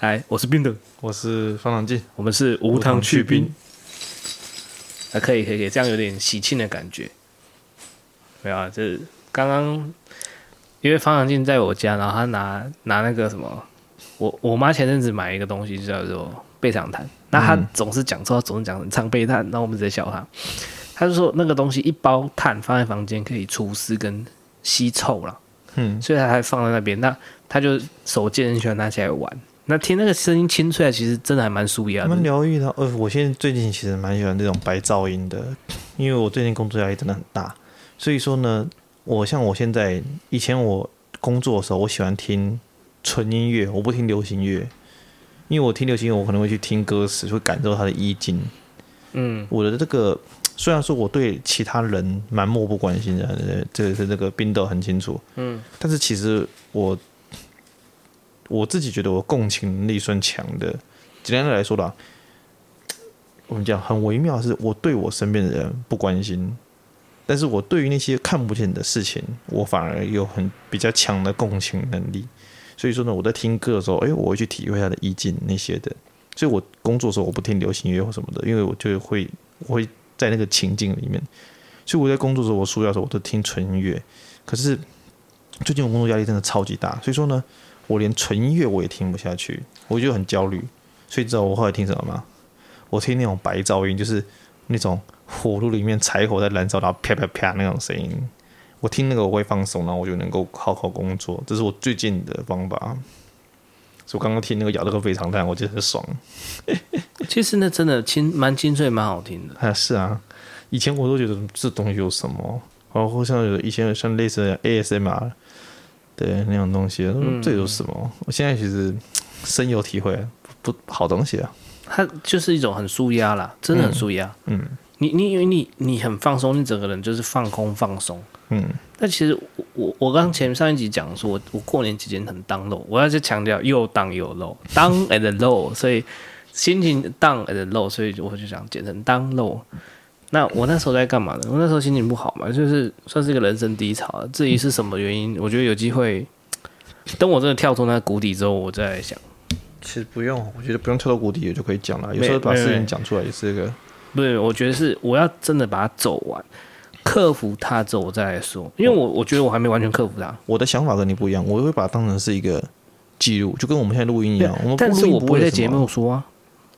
來，我是冰的，我是方長進，我們是無糖去冰，啊，可以可以可以，這樣有點喜慶的感覺。沒有啊，就是剛剛因為方長進在我家，然後他拿拿那個什麼，我我媽前陣子買一個東西就叫做備長炭，嗯，那他總是講錯，總是講成長備炭，然後我們直接笑他。他就說那個東西一包炭放在房間可以除濕跟吸臭了，嗯，所以他還放在那邊，那他就手賤很喜歡拿起來玩。那聽那個聲音清脆的，其實真的還蠻舒服的，我們療癒到，呃，我現在最近其實蠻喜歡這種白噪音的，因為我最近工作壓力真的很大。所以說呢，我像我現在，以前我工作的時候，我喜歡聽純音樂，我不聽流行樂，因為我聽流行樂，我可能會去聽歌詞，會感受它的意境。嗯，我的這個雖然說我對其他人蠻漠不關心的，這個是這個冰豆很清楚。嗯，但是其實我。我自己覺得我共情能力算強的，簡單的來說啦，我們講很微妙是，我對我身邊的人不關心，但是我對於那些看不見的事情，我反而有很比較強的共情能力。所以說呢，我在聽歌的時候，誒，我會去體會他的意境那些的。所以我工作的時候，我不聽流行音樂或什麼的，因為我就會我會在那個情境裡面。所以我在工作的時候，我睡覺的時候我都聽純音樂。可是最近我工作壓力真的超級大，所以說呢。我連純音樂我也聽不下去，我就很焦慮。所以你知道我後來聽什麼嗎？我聽那種白噪音，就是那種火爐裡面柴火在燃燒，然後啪啪啪那種聲音。我聽那個我會放鬆，然後我就能夠好好工作。這是我最近的方法。所以我剛剛聽那個咬了個肥腸蛋，我覺得很爽。 其實那真的清蠻清脆，蠻好聽的。啊，是啊，以前我都覺得這東西有什麼，然後像以前些像類似 ASMR。對那種東西，這有什麼？嗯、我現在其實深有體會，不,不好東西啊。它就是一種很舒壓啦，真的很舒壓、嗯。嗯，你你因為你你很放鬆，你整個人就是放空放鬆。嗯，那其實我我我剛前上一集講說，我過年期間很 down low，我要去強調又 down 又 low，down and low，down at the low 所以心情 down and low，所以我就想簡稱 down low。那我那時候在幹嘛呢？我那時候心情不好嘛，就是算是一個人生低潮了。至於是什麼原因，我覺得有機會等我真的跳出那個谷底之後，我再來想。其實不用，我覺得不用跳到谷底也就可以講了。沒有時候把事情講出來也是一個。對，我覺得是我要真的把它走完，克服它之後我再來說。因為我我覺得我還沒完全克服它。嗯，我的想法跟你不一樣，我會把它當成是一個記錄，就跟我們現在錄音一樣。但是我不會在節目說啊。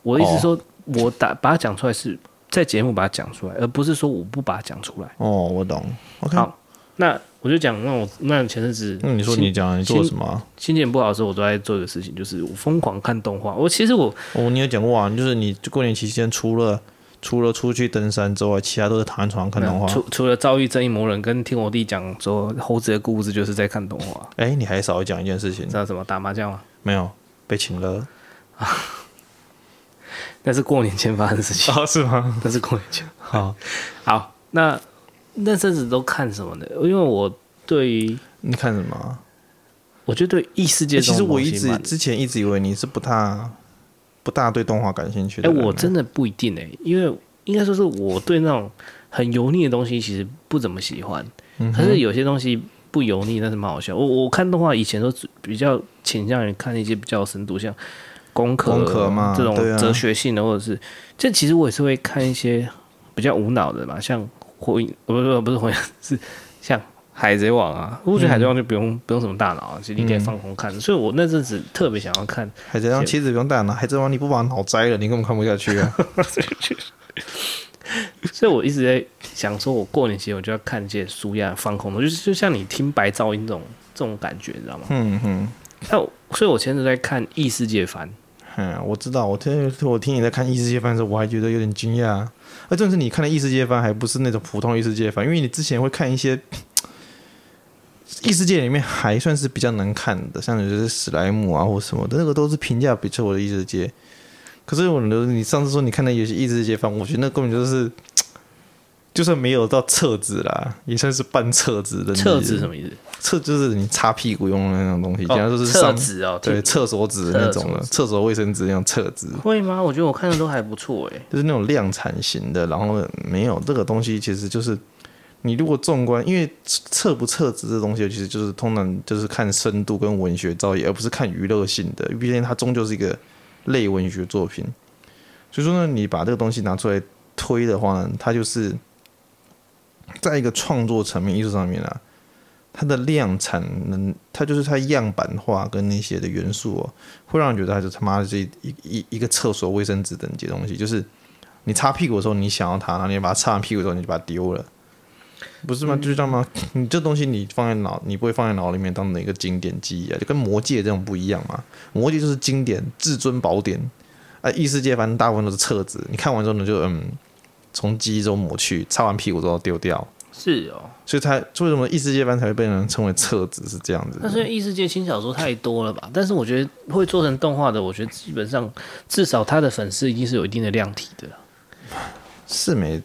我的意思是說，哦。我打，把它講出來是。在節目把它講出來，而不是說我不把它講出來。哦，我懂。Okay、好，那我就講，那我那前陣子，那你說你講新你做什麼？心情不好的時候，我都在做的事情就是我瘋狂看動畫。我其實我，哦，你有講過啊？就是你過年期間，除了除了出去登山之外，其他都是躺在床上看動畫。除除了遭遇正義魔人跟聽我弟講說猴子的故事，就是在看動畫。哎、欸，你還少講一件事情，知道什麼？打麻將嗎？沒有，被請了。 那是過年前發生的事情哦？是嗎？那是過年前。 好，好，那那陣子都看什麼呢？因為我對於你看什麼，我就對異世界、欸。其實我一直之前一直以為你是不大不大對動畫感興趣的。哎、欸，我真的不一定哎、欸，因為應該說是我對那種很油膩的東西其實不怎麼喜歡，嗯、哼但是有些東西不油膩，但是蠻好笑。我我看動畫以前都比較傾向於看一些比較深度，像。功課這種哲學性的，啊、或者是這，其實我也是會看一些比較無腦的嘛，像火影，不是不是，火影是，像海賊王啊。我覺得海賊王就不用、嗯、不用什麼大腦、啊，其實你可以放空看。嗯、所以我那陣子特別想要看海賊王，其實且不用大腦。海賊王你不把腦摘了，你根本看不下去啊。 所以我一直在想說，我過年期間我就要看一些舒壓放空的，就是就像你聽白噪音這種這種感覺，你知道嗎？嗯嗯。那、嗯啊、所以我前陣在看異世界番。嗯，我知道，我聽我聽你在看異世界番的時候，我還覺得有點驚訝、啊。那正是你看的異世界番，還不是那種普通異世界番，因為你之前會看一些異世界裡面還算是比較難看的，像是史萊姆啊或什麼的，那個都是評價比較高的異世界。可是我，你上次說你看的有些異世界番，我覺得那根本就是。就是沒有到廁紙啦，也算是半廁紙的。廁紙什麼意思？廁就是你擦屁股用的那種東西，直、哦、就是廁紙啊。哦、對，廁所紙那種的，廁所衛生紙那種廁紙。會嗎？我覺得我看的都還不錯誒、欸，就是那種量產型的。然後沒有這個東西，其實就是你如果縱觀，因為廁不廁紙這東西，其實就是通常就是看深度跟文學造詣，而不是看娛樂性的。畢竟它終究是一個類文學作品，所以說呢，你把這個東西拿出來推的話，它就是。在一個創作層面、藝術上面呢、啊，它的量產能，它就是它樣板化跟那些的元素、哦，會讓你覺得它就他媽的就是一一一,一個廁所衛生紙等這些東西，就是你擦屁股的時候你想要它，然後你把它擦完屁股之後你就把它丟了，不是嗎？嗯、就是這樣嗎？你這東西你放在腦，你不會放在腦裡面當哪個經典記憶啊，就跟《魔戒》這種不一樣嘛，《魔戒》就是經典至尊寶典啊，異世界反正大部分都是冊子，你看完之後呢就嗯，從記憶中抹去，擦完屁股都要丟掉。是哦，所以他為什麼異世界番才會被人稱為冊子是這樣子，嗯？那是因為異世界輕小說太多了吧？但是我覺得會做成動畫的，我覺得基本上至少他的粉絲一定是有一定的量體的。是沒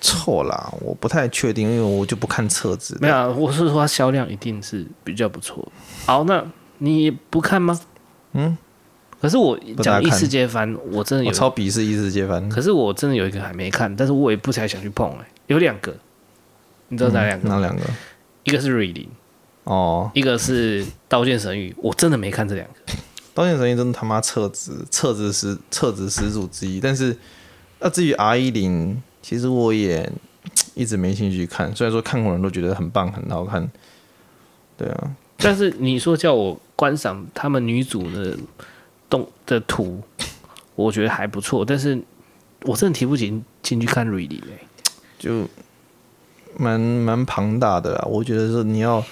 錯啦，我不太確定，因為我就不看冊子。沒有、啊，我是說它銷量一定是比較不錯。好，那你不看嗎？嗯。可是我講異世界番，我真的有我超鄙視異世界番。可是我真的有一個還沒看，但是我也不太想去碰哎、欸。有兩個，你知道哪兩個,、嗯、個？哪兩個？一個是瑞《瑞林》，哦，一個是《刀劍神域》。我真的沒看這兩個，《刀劍神域》真的他媽撤職，撤職是撤職始祖之一。但是那、啊、至於《R 一零》，其實我也一直沒興趣看。雖然說看過人都覺得很棒，很好看，對啊。但是你說叫我觀賞他們女主的。動的圖，我覺得還不錯，但是我真的提不起勁進去看瑞麗嘞，就蠻蠻龐大的啦。我覺得是你要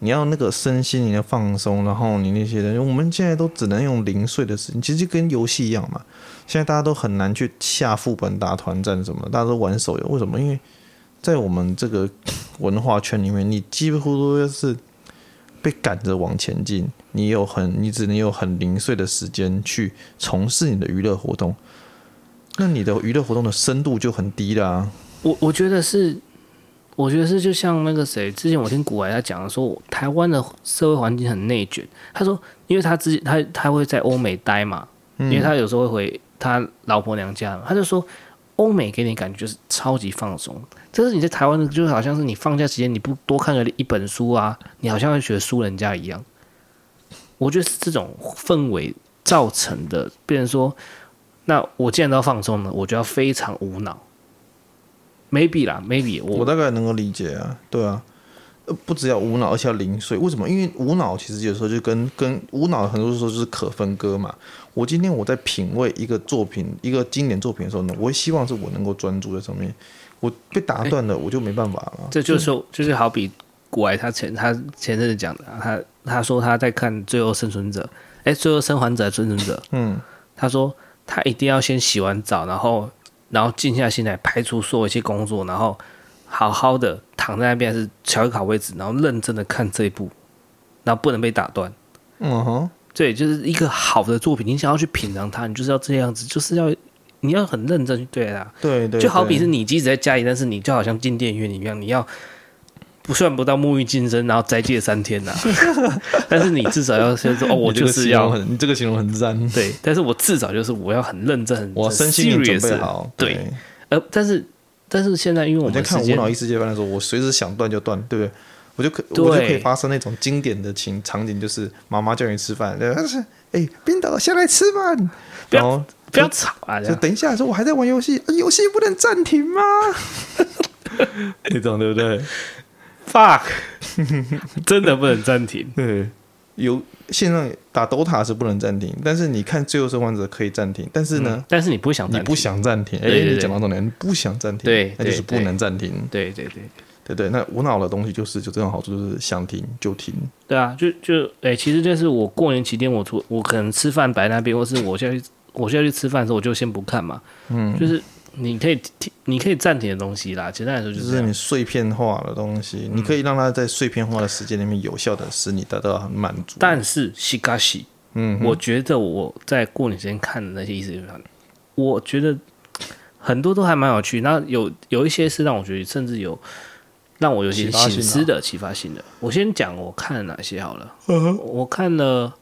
你要那個身心你要放鬆，然後你那些人我們現在都只能用零碎的事情，其實就跟遊戲一樣嘛。現在大家都很難去下副本打團戰什麼，大家都玩手遊。為什麼？因為在我們這個文化圈裡面，你幾乎都是。被趕着往前進，你有很，你只能有很零碎的時間去從事你的娛樂活動，那你的娛樂活動的深度就很低啦。我我覺得是，我覺得是就像那個誰，之前我聽古來他講說，台灣的社會環境很內卷。他說，因為他自己他他會在歐美待嘛，因為他有時候會回他老婆娘家嘛，他就說。歐美給你感覺就是超級放鬆，就是你在台灣，就好像是你放假時間你不多看了一本書啊，你好像要學書人家一樣。我覺得是這種氛圍造成的，變成說，那我既然要放鬆呢，我就要非常無腦。Maybe 啦，Maybe 我,我大概能夠理解啊，對啊，不只要無腦，而且要零碎。為什麼？因為無腦其實有時候就跟跟無腦很多時候就是可分割嘛。我今天我在品味一個作品，一個經典作品的時候呢，我也希望是我能夠專注在上面。我被打斷了，欸、我就沒辦法了。這就是說，對就是好比古萊他前他前陣子講的，他他說他在看《最後生存者》，哎，《最後生還者》《生存者》，嗯，他說他一定要先洗完澡，然後然後靜下心來，排除所有一些工作，然後好好的躺在那邊是找一好位置，然後認真的看這一部，然後不能被打斷。嗯哼。對，就是一個好的作品，你想要去品嘗它，你就是要這樣子，就是要你要很認真。對啦，對，對對，就好比是你即使在家裡，但是你就好像進電影院一樣，你要不算不到沐浴淨身，然後齋戒三天吶、啊。 但是你至少要先說哦，我就是要你這個形容很贊。嗯、很對，但是我至少就是我要很認真，我身心準備好。對，對，呃，但是但是現在因為我在看無腦異世界番的時候，我隨時想斷就斷，對不對？我就可對我就可以發生那種經典的情場景，就是媽媽叫你吃飯，但是哎、欸，冰島下來吃飯，然後不要就不要吵啊！就等一下，說我還在玩遊戲、啊，遊戲不能暫停嗎？那 種對不對？Fuck， 真的不能暫停。對，有線上打 DOTA 是不能暫停，但是你看《最後生還者》可以暫停，但是呢，嗯、但是你不想你，你不想暫停。哎，你講那種，你不想暫停，對，那就是不能暫停。對，對對對。對對，那無腦的東西就是就這種好處，就是想停就停。對啊，就就哎、欸，其實就是我過年期間我，我出我可能吃飯擺那邊，或是我下去我下去吃飯的時候，我就先不看嘛。嗯，就是你可以停，你可以暫停的東西啦。其他的時候就是，是你碎片化的東西，嗯、你可以讓它在碎片化的時間裡面有效的使你得到很滿足。但是西加西，しし嗯哼，我覺得我在過年期間看的那些意思上，我覺得很多都還蠻有趣。那有有一些是讓我覺得甚至有。讓我有些省思的、啟發性的。性的我先講我看了哪些好了。呵呵我看了《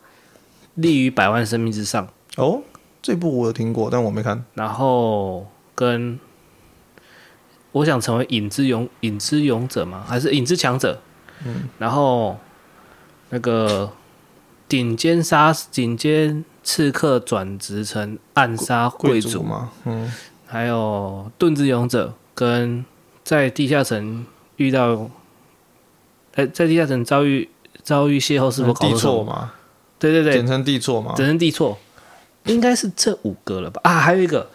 立於百萬生命之上》哦，這部我有聽過，但我沒看。然後跟我想成為影之勇、影之勇者嗎？還是影之強者？嗯。然後那個頂尖殺、頂尖刺客轉職成暗殺貴族嗎？嗯。還有盾之勇者跟在地下城。遇到、欸、在地下城遭遇、遭遇、邂逅，是不是地錯嗎？對對對，簡稱地錯嘛，簡稱地錯，應該是這五個了吧？啊，還有一個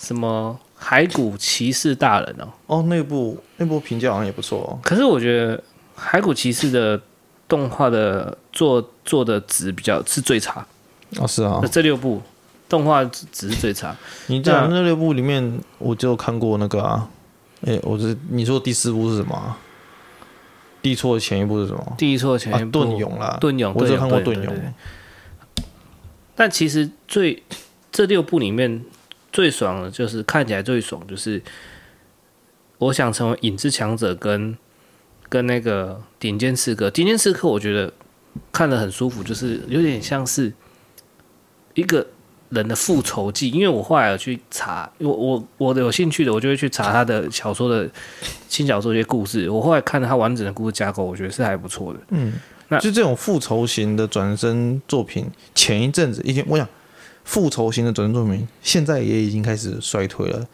什麼骸骨騎士大人哦？哦，那部那部評價好像也不錯哦。可是我覺得骸骨騎士的動畫的做做的值比較是最差哦。是啊、哦，那這六部動畫值是最差。你在那，那六部裡面，我就看過那個啊。哎、欸，我這你說第四部是什麼？地錯前一部是什麼？地錯前一部，盾、啊、勇啦，盾勇，對，我只看過盾勇對對對。但其實最這六部裡面最爽的，就是看起來最爽，就是我想成為影之強者跟，跟跟那個頂尖刺客，頂尖刺客，我覺得看得很舒服，就是有點像是一個。人的復仇記，因為我後來有去查，我我我的有興趣的，我就會去查他的小說的輕小說的一些故事。我後來看到他完整的故事架構，我覺得是還不錯的。嗯，那就這種復仇型的轉生作品，前一陣子已經我想，復仇型的轉生作品現在也已經開始衰退了。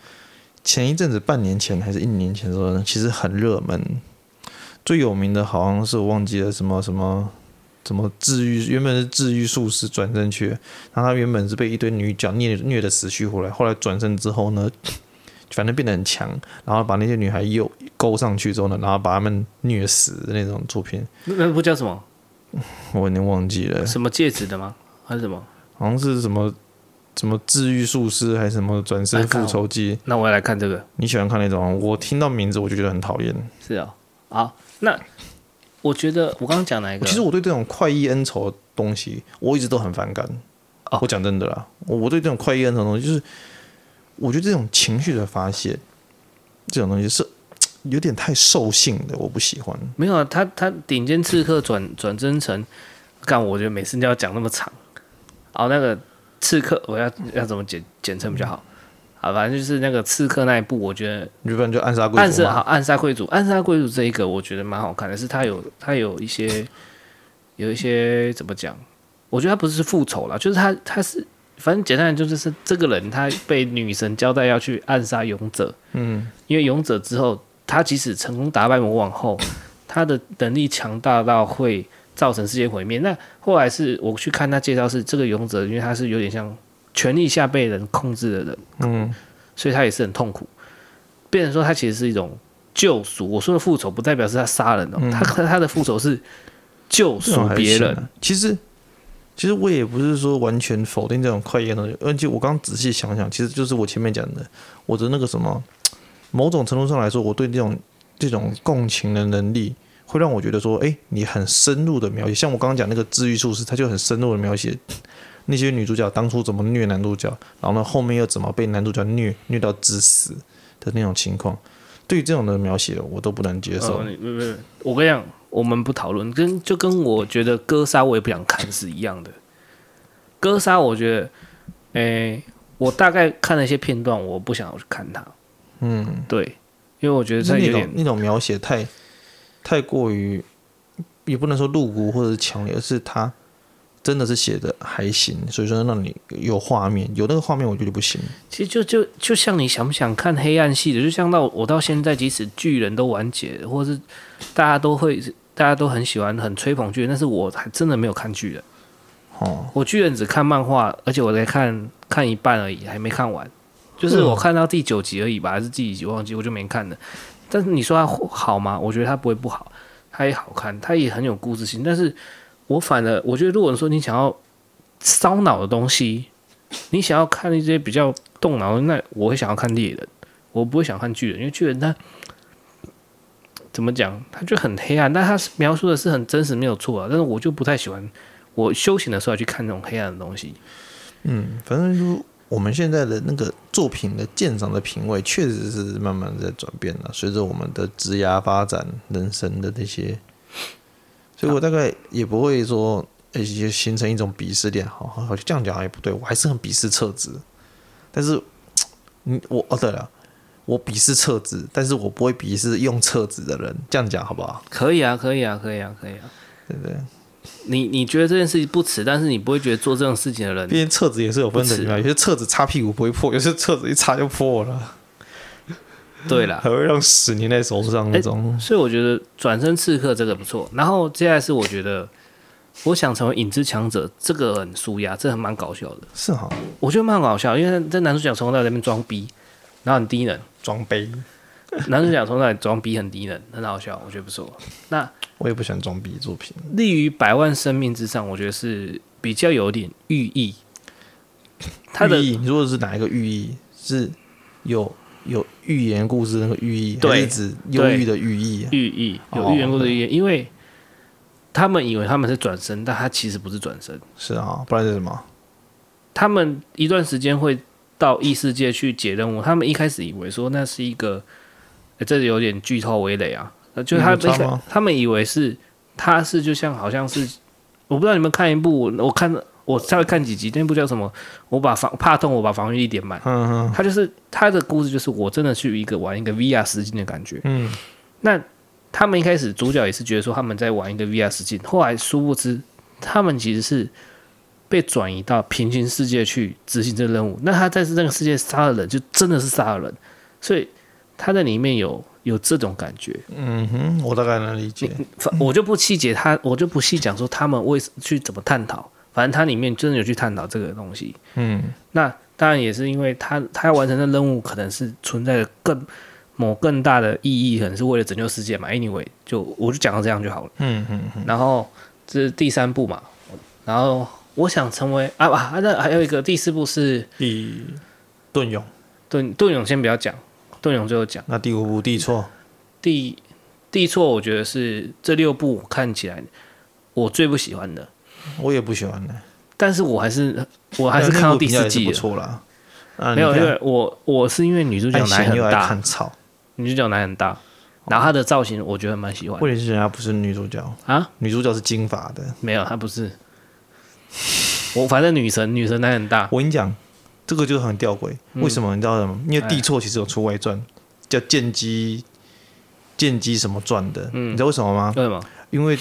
前一陣子半年前還是一年前的時候呢，其實很熱門，最有名的好像是我忘記了什麼什麼。什麼治癒？原本是治癒術師轉身去，然後他原本是被一堆女角虐虐得死去活來，後來轉身之後呢，反正變得很強，然後把那些女孩又勾上去之後呢，然後把他們虐死的那種作品。那不叫什麼？我已經忘記了。什麼戒指的嗎？還是什麼？好像是什麼什麼治癒術師還是什麼轉身復仇記？那我要來看這個。你喜歡看那種？我聽到名字我就覺得很討厭。是、哦、啊，好，那。我覺得我剛剛講哪一個？其實我對這種快意恩仇的東西，我一直都很反感。哦、我講真的啦，我對這種快意恩仇的東西，就是我覺得這種情緒的發洩，這種東西是有點太獸性的，我不喜歡。沒有啊，他他頂尖刺客轉轉真誠，幹， 我覺得每次你都要講那麼長，哦，那個刺客，我要要怎麼簡簡稱比較好？嗯好，反正就是那個刺客那一部，我覺得日本就暗殺貴族、族。暗殺貴族，暗殺貴族這一個我覺得蠻好看的，是他有他有一些 有一些怎麼講？我覺得他不是復仇啦，就是他他是反正簡單來就是是這個人他被女神交代要去暗殺勇者，嗯，因為勇者之後他即使成功打敗魔王後，他的能力強大到會造成世界毀滅。那後來是我去看他介紹，是這個勇者，因為他是有點像。權力下被人控制的人，嗯，所以他也是很痛苦。變成說他其實是一種救贖。我說的復仇，不代表是他殺人他、喔嗯、他的復仇是救贖別人、啊。其實，其實我也不是說完全否定這種快意的東西。而且我剛仔細想想，其實就是我前面講的，我的那個什麼，某種程度上來說，我對這種這種共情的能力，會讓我覺得說，哎、欸，你很深入的描寫，像我剛剛講那個治癒術士，他就很深入的描寫。那些女主角當初怎麼虐男主角，然後呢，後面又怎麼被男主角虐，虐到致死的那種情況，對於這種的描寫，我都不能接受、哦。我跟你講，我們不討論，跟就跟我覺得哥殺我也不想看是一樣的。哥殺，我覺得，誒，我大概看了一些片段，我不想去看它。嗯，對，因為我覺得這種那種描寫太，太過於，也不能說露骨或者是強烈，而是它。真的是寫的還行，所以說讓你有畫面，有那個畫面，我覺得不行。其實就就就像你想不想看黑暗系的，就像到我到現在，即使巨人都完結，或是大家都會大家都很喜歡很吹捧巨人。但是我還真的沒有看巨人的哦，我巨人只看漫畫，而且我在看看一半而已，還沒看完。就是我看到第九集而已吧，嗯、還是第幾集忘記，我就沒看了。但是你說它好嗎？我覺得它不會不好，它也好看，它也很有故事性，但是。我反而，我覺得如果你說你想要燒腦的東西，你想要看一些比較動腦，那我會想要看獵人，我不會想看巨人，因為巨人他怎麼講，他就很黑暗，但他描述的是很真實，沒有錯啊。但是我就不太喜歡我修行的時候去看那種黑暗的東西。嗯，反正就是我們現在的那個作品的鑑賞的品味，確實是慢慢在轉變了，隨着我們的職涯發展、人生的這些。所以我大概也不會說，也、欸、形成一種鄙視鏈，好，好像這樣講也不對，我還是很鄙視廁紙，但是你我哦，對了，我鄙視廁紙，但是我不會鄙視用廁紙的人，這樣講好不好？可以啊，可以啊，可以啊，可以啊，對不對？你你覺得這件事情不恥，但是你不會覺得做這種事情的人，畢竟廁紙也是有分的，不恥，有些廁紙擦屁股不會破，有些廁紙一擦就破了。對了，還會讓屎粘在手上那種。欸、所以我覺得轉身刺客這個不錯。然後接下來是我覺得，我想成為影之強者，這個很舒壓，這很蠻搞笑的。是哈、哦，我覺得蠻搞笑，因為在男主角從在那邊裝逼，然後很低能裝逼。裝杯 男主角從在裝逼很低能，很好笑，我覺得不錯。那我也不喜歡裝逼作品。立於百萬生命之上，我覺得是比較有點寓意。他的，你說的是哪一個寓意？是有。有寓言故事那個寓意，對，是憂鬱的寓意？對寓意，有寓言故事寓意。哦、因為他們以為他們是轉身，但他其實不是轉身。是啊，不然是什麼？他們一段時間會到異世界去解任務。他們一開始以為說那是一個，欸、這裡有點劇透微雷啊，就是他們他們以為是他是就像好像是，我不知道你們看一部，我，我看我才會看幾集，那部叫什麼？我把防怕痛，我把防禦力點滿。嗯嗯呵，他就是他的故事，就是我真的去一個玩一個 VR 實界的感覺。嗯，那他們一開始主角也是覺得說他們在玩一個 VR 實界，後來殊不知他們其實是被轉移到平行世界去執行這個任務。那他在這個世界殺了人，就真的是殺了人，所以他在裡面有有這種感覺。嗯嗯，我大概能理解，我就不細節，他，我就不細講說他們為什麼去怎麼探討。反正它裡面真的有去探討這個東西，嗯，那當然也是因為他，他要完成的任務可能是存在着更某更大的意義，可能是為了拯救世界嘛。Anyway，就我就講到這樣就好了，嗯嗯。嗯嗯然後這是第三部嘛，然後我想成為啊啊，那還有一個第四部是第盾勇盾盾勇先不要講，盾勇最後講。那第五部地錯第地錯，第第我覺得是這六部看起來我最不喜歡的。我也不喜歡男，但是我還是我還是看到第四季不錯啦。沒有，因為我我是因為女主角男很大，女主角男很大，然後他的造型我覺得蠻喜歡。問題是人家不是女主角啊，女主角是金髮的，沒有，他不是。我反正女神，女神男很大。我跟你講，這個就很吊詭，為什麼？你知道什麼？因為地錯其實有出外傳，叫劍姬劍姬什麼傳的？嗯，你知道為什麼嗎？為什麼？因為。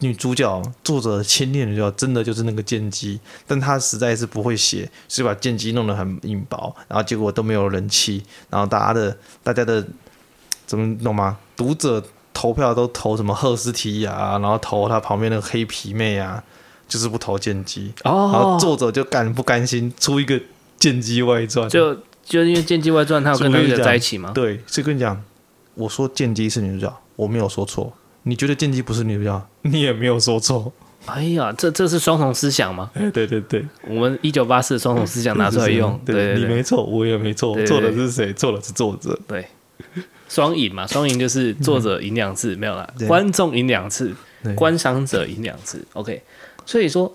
女主角作者親戀的女主角真的就是那個劍姬，但她實在是不會寫，所以把劍姬弄得很硬薄，然後結果都沒有人氣，然後大家的大家的怎麼弄嗎？讀者投票都投什麼赫斯提亞，然後投她旁邊那個黑皮妹啊，就是不投劍姬哦。然後作者就敢不甘心，出一個劍姬外傳，就就因為劍姬外傳，她有跟女主角在一起嗎？是是？對，所以跟你講，我說劍姬是女主角，我沒有說錯。你覺得劍姬不是女主角，你也沒有說錯。哎呀，這這是雙重思想嗎？哎，對對對，我們一九八四的雙重思想拿出來用。對，你沒錯，我也沒錯，錯的是誰？錯的是作者。對，雙贏嘛，雙贏就是作者贏兩次，沒有啦，觀眾贏兩次，觀賞者贏兩次。OK，所以說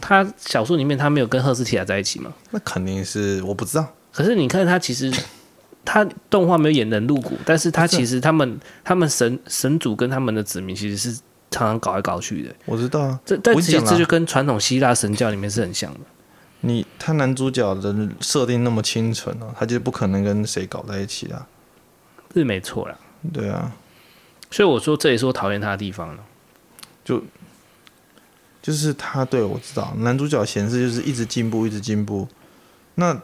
他小說裡面他沒有跟赫斯提亞在一起嗎？那肯定是我不知道。可是你看他其實。他動畫沒有演得很露骨，但是他其實他們、啊、他們神神主跟他們的子民其實是常常搞來搞去的、欸。我知道、啊，這但其實、我其實這就跟傳統希臘神教裡面是很像的。你他男主角的設定那麼清純哦、啊，他就不可能跟誰搞在一起的、啊，是沒錯啦。對啊，所以我說這也是我討厭他的地方了。就就是他對我知道男主角顯示就是一直進步一直進步，那。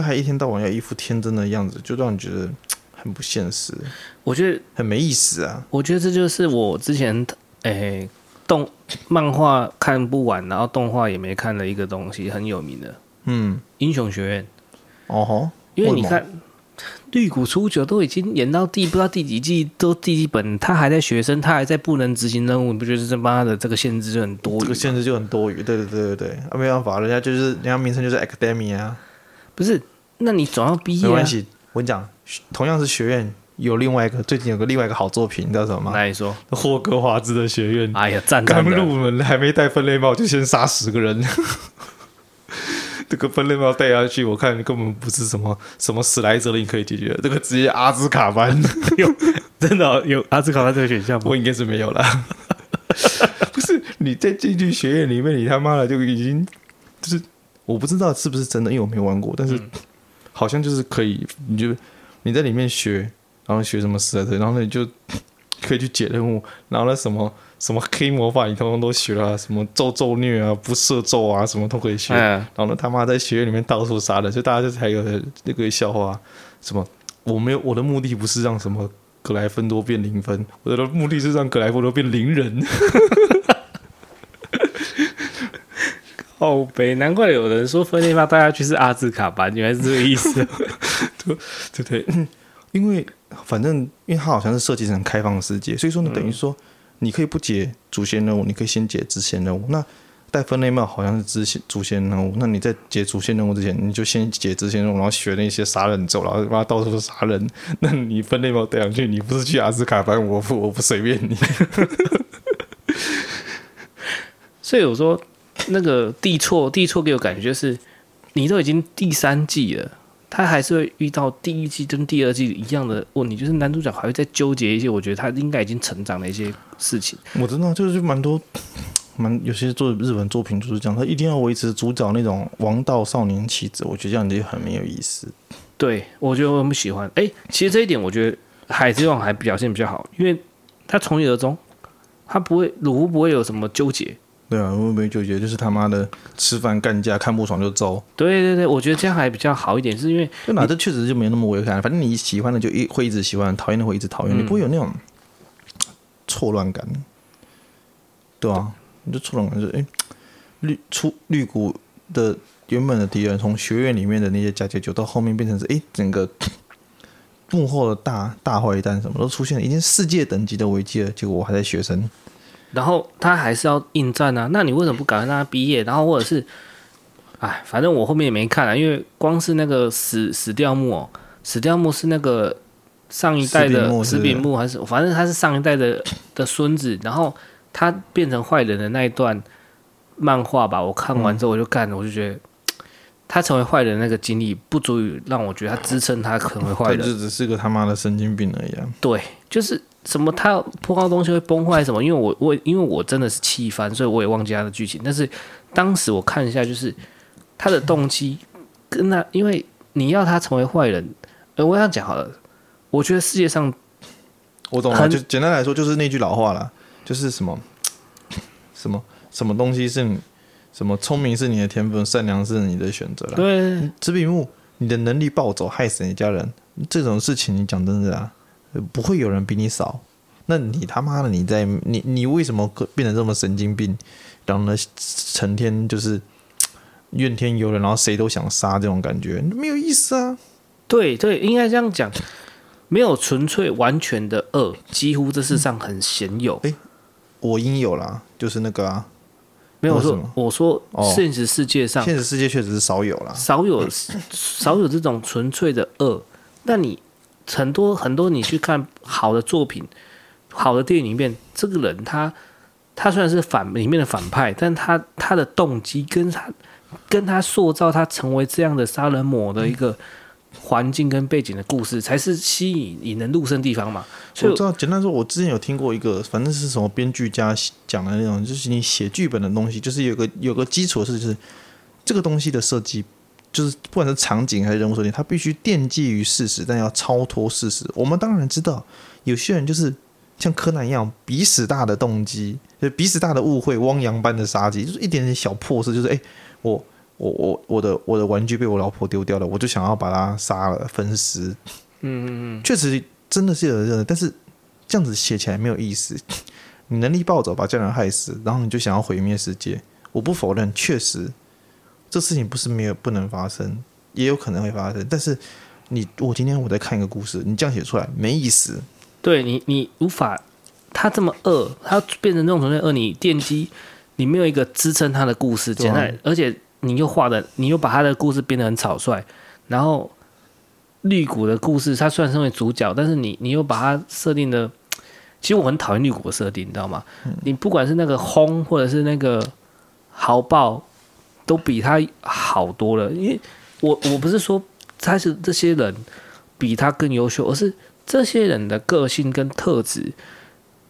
他還一天到晚要一副天真的樣子，就讓你覺得很不現實。我覺得很沒意思啊！我覺得這就是我之前誒、欸、動漫畫看不完，然後動畫也沒看的一個東西，很有名的。嗯，英雄學院。哦吼！因為你看為綠谷出久都已經演到第不知道第幾季，都第幾本，他還在學生，他還在不能執行任務，不就是他媽的這個限制就很多餘、啊？這個限制就很多餘。對對對對對，那、啊、沒辦法，人家就是人家名稱就是 Academia 啊。不是，那你總要畢業、啊。沒關係，我跟你講，同樣是學院，有另外一個，最近有個另外一個好作品，你知道什麼嗎？那你說，《霍格華茲的學院》。哎呀，站！剛入門還沒戴分類帽，就先殺十個人。 這個分類帽戴下去，我看根本不是什麼什麼史萊澤林可以解決。這個職業阿茲卡班 真的、哦、有阿茲卡班這個選項，我應該是沒有了。 不是，你再進去學院裡面，你他媽的就已經就是。我不知道是不是真的，因為我沒玩過。但是好像就是可以，你就你在裡面學，然後學什麼史萊的，然後你就可以去解任務。然後呢，什麼什麼黑魔法你通通都學了，什麼咒咒虐啊、不赦咒啊，什麼都可以學。哎、呀 然後呢，他媽在學院裡面到處殺人，所以大家就才有那個笑話：什麼我沒有我的目的不是讓什麼格萊芬多變零分，我的目的是讓格萊芬多變零人。 哦，北難怪有人說分類帽戴下去是阿茲卡班， 原來是這個意思， 對對對、嗯，因為反正因為它好像是設計成開放的世界，所以說呢，嗯、等於說你可以不解主線任務，你可以先解支線任務。那戴分類帽好像是支主線任務，那你在解主線任務之前，你就先解支線任務，然後學那些殺人咒，然後把它到處都殺人。那你分類帽戴上去，你不是去阿茲卡班，我我不隨便你。 所以我說。那個地錯地錯給我感覺就是，你都已經第三季了，他還是會遇到第一季跟第二季一樣的問題，你就是男主角還會再糾結一些，我覺得他應該已經成長的一些事情。我真的就是蠻多，蠻有些做日本作品就是講，他一定要維持主角那種王道少年氣質，我覺得這樣就很沒有意思。對，我覺得我很不喜歡。誒、欸，其實這一點我覺得《海賊王》還表現比較好，因為他從一而終，他不會魯夫不會有什麼糾結。對啊，我也沒糾結，就是他媽的吃飯幹架，看不爽就揍。對對對，我覺得這樣還比較好一點， 是因為對吧？這確實就沒那麼危害，反正你喜歡的就一會一直喜歡，討厭的會一直討厭，嗯、你不會有那種錯亂感。對啊，你就錯亂感、就是哎，綠出綠谷的原本的敵人，從學院裡面的那些假借酒到後面變成是哎，整個幕後的大大壞蛋什麼都出現了，已經世界等級的危機了，結果我還在學生。然後他還是要應戰啊，那你為什麼不趕快讓他畢業？然後或者是，哎，反正我後面也沒看啊，因為光是那個死死掉木、哦，死掉木是那個上一代的死柄木還是，反正他是上一代的的孫子。然後他變成壞人的那一段漫畫吧，我看完之後我就幹了，嗯、我就覺得他成為壞人的那個經歷不足以讓我覺得他支撐他成為壞人，他只是個他媽的神經病而已、啊。對，就是。什麼？他破壞東西會崩壞什麼？因為我我因為我真的是氣翻，所以我也忘記他的劇情。但是當時我看一下，就是他的動機跟那，因為你要他成為壞人。呃，我想講好了，我覺得世界上我懂了。就簡單來說，就是那句老話啦，就是什麼什麼什麼東西是你？什麼聰明是你的天分，善良是你的選擇啦。對，紙筆木，你的能力暴走，害死你家人這種事情，你講真的啊？不會有人比你少，那你他媽的你在你你為什麼變得這麼神經病，然後呢，成天就是怨天尤人，然後誰都想殺，這種感覺沒有意思啊。對對，應該這樣講，沒有純粹完全的惡，幾乎這世上很鮮有。嗯、誒我應有啦，就是那個啊。沒有說，我有什麼我說現實世界上，哦，現實世界確實是少有啦，少有唉少有這種純粹的惡。唉但你。很多很多，很多你去看好的作品，好的電影裡面，這個人他他雖然是反裡面的反派，但他他的動機跟他跟他塑造他成為這樣的殺人魔的一個環境跟背景的故事，才是吸引人入勝地方嘛。所以我知道，簡單說，我之前有聽過一個，反正是什麼編劇家講的那種，就是你寫劇本的東西，就是有個有個基礎是，就是這個東西的設計。就是不管是場景還是人物設定，他必須奠基於事實，但要超脫事實。我們當然知道，有些人就是像柯南一樣，鼻屎大的動機，就鼻屎大的誤會，汪洋般的殺機，就是一點點小破事，就是誒、欸，我我我我的我的玩具被我老婆丟掉了，我就想要把它殺了分屍。嗯嗯嗯，確實真的是有人認為，但是這樣子寫起來沒有意思。 你能力暴走，把家人害死，然後你就想要毀滅世界，我不否認，確實。這事情不是沒有不能發生，也有可能會發生。但是你我今天我在看一個故事，你這樣寫出來沒意思。對你，你無法他這麼惡，他變成那種純粹惡。你電擊，你沒有一個支撐他的故事，簡單。啊、而且你又畫的，你又把他的故事變得很草率。然後綠谷的故事，他雖然身為主角，但是你你又把它設定的，其實我很討厭綠谷的設定，你知道嗎？嗯、你不管是那個轟，或者是那個爆豪，都比他好多了，因為我我不是說他是這些人比他更優秀，而是這些人的個性跟特質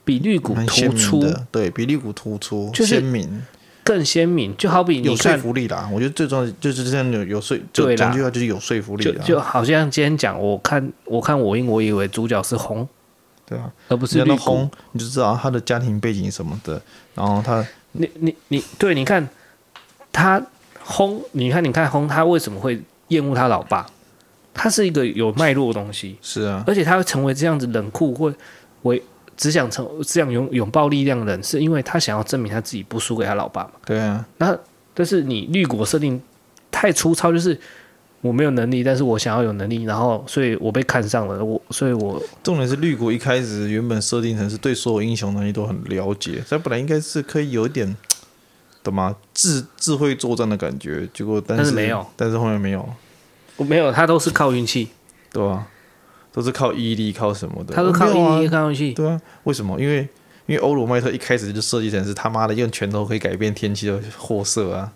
比綠谷突出，對，比綠谷突出，就是鮮明，更鮮明。鮮明就好比你有說服力啦，我覺得最重要就是這樣的有，有說，就一句話就是有說服力啦啦。就就好像今天講，我看我看我因我以為主角是紅，對吧，啊？而不是綠到紅，你就知道他的家庭背景什麼的。然後他，你你你，對，你看。他轟，你看，你看轟，他為什麼會厭惡他老爸？他是一個有脈絡的東西，是啊。而且他會成為這樣子冷酷或我只想成這樣擁擁抱力量的人，是因為他想要證明他自己不輸給他老爸嘛？對啊。那但是你綠谷設定太粗糙，就是我沒有能力，但是我想要有能力，然後所以我被看上了，我所以我重點是綠谷一開始原本設定成是對所有英雄能力都很了解，他本來應該是可以有點。懂嗎？智智慧作戰的感覺，結果但是，但是沒有，但是後面沒有，我沒有，他都是靠運氣，對吧？啊？都是靠毅力，靠什麼的？他是都靠毅力，靠運氣，對啊？為什麼？因為因為歐羅麥特一開始就設計成是他媽的用拳頭可以改變天氣的貨色啊！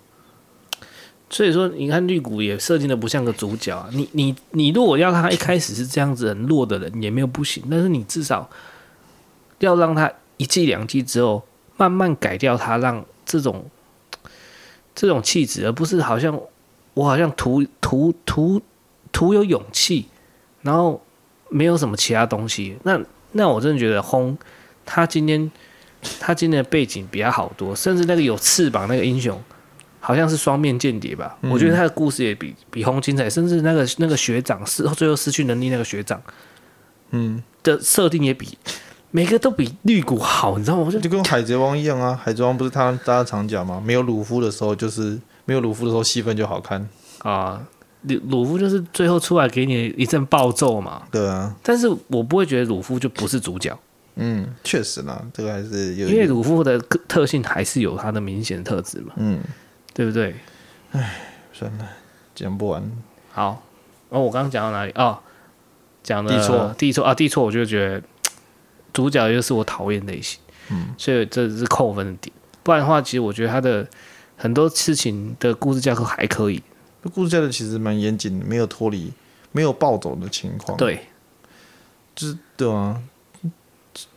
所以說，你看綠谷也設計的不像個主角啊！你你你，如果要他一開始是這樣子很弱的人，也沒有不行，但是你至少要讓他一記兩記之後，慢慢改掉他，讓這種。這種氣質，而不是好像我好像圖圖圖圖有勇氣，然後沒有什麼其他東西。那那我真的覺得轟，他今天他今天的背景比他好多，甚至那個有翅膀那個英雄，好像是雙面間諜吧？嗯、我覺得他的故事也比比轟精彩，甚至那個那個學長是最後失去能力那個學長，嗯的設定也比。每個都比綠谷好，你知道嗎？就，就跟海賊王一樣啊，海賊王不是他大家常講嗎？沒有魯夫的時候，就是沒有魯夫的時候，戲份就好看啊。魯魯、呃、夫就是最後出來給你一陣暴揍嘛。對啊，但是我不會覺得魯夫就不是主角。嗯，確實啦，這個還是有因為魯夫的特性還是有他的明顯特質嘛。嗯，對不對？哎，算了，講不完。好，哦，我剛剛講到哪裡啊？講、哦、的第錯，第錯啊，第錯，我就覺得。主角又是我討厭類型，嗯，所以這是扣分的點。不然的話，其實我覺得他的很多事情的故事架構還可以，故事架構其實蠻嚴謹，沒有脫離，沒有暴走的情況。對就，就是對啊，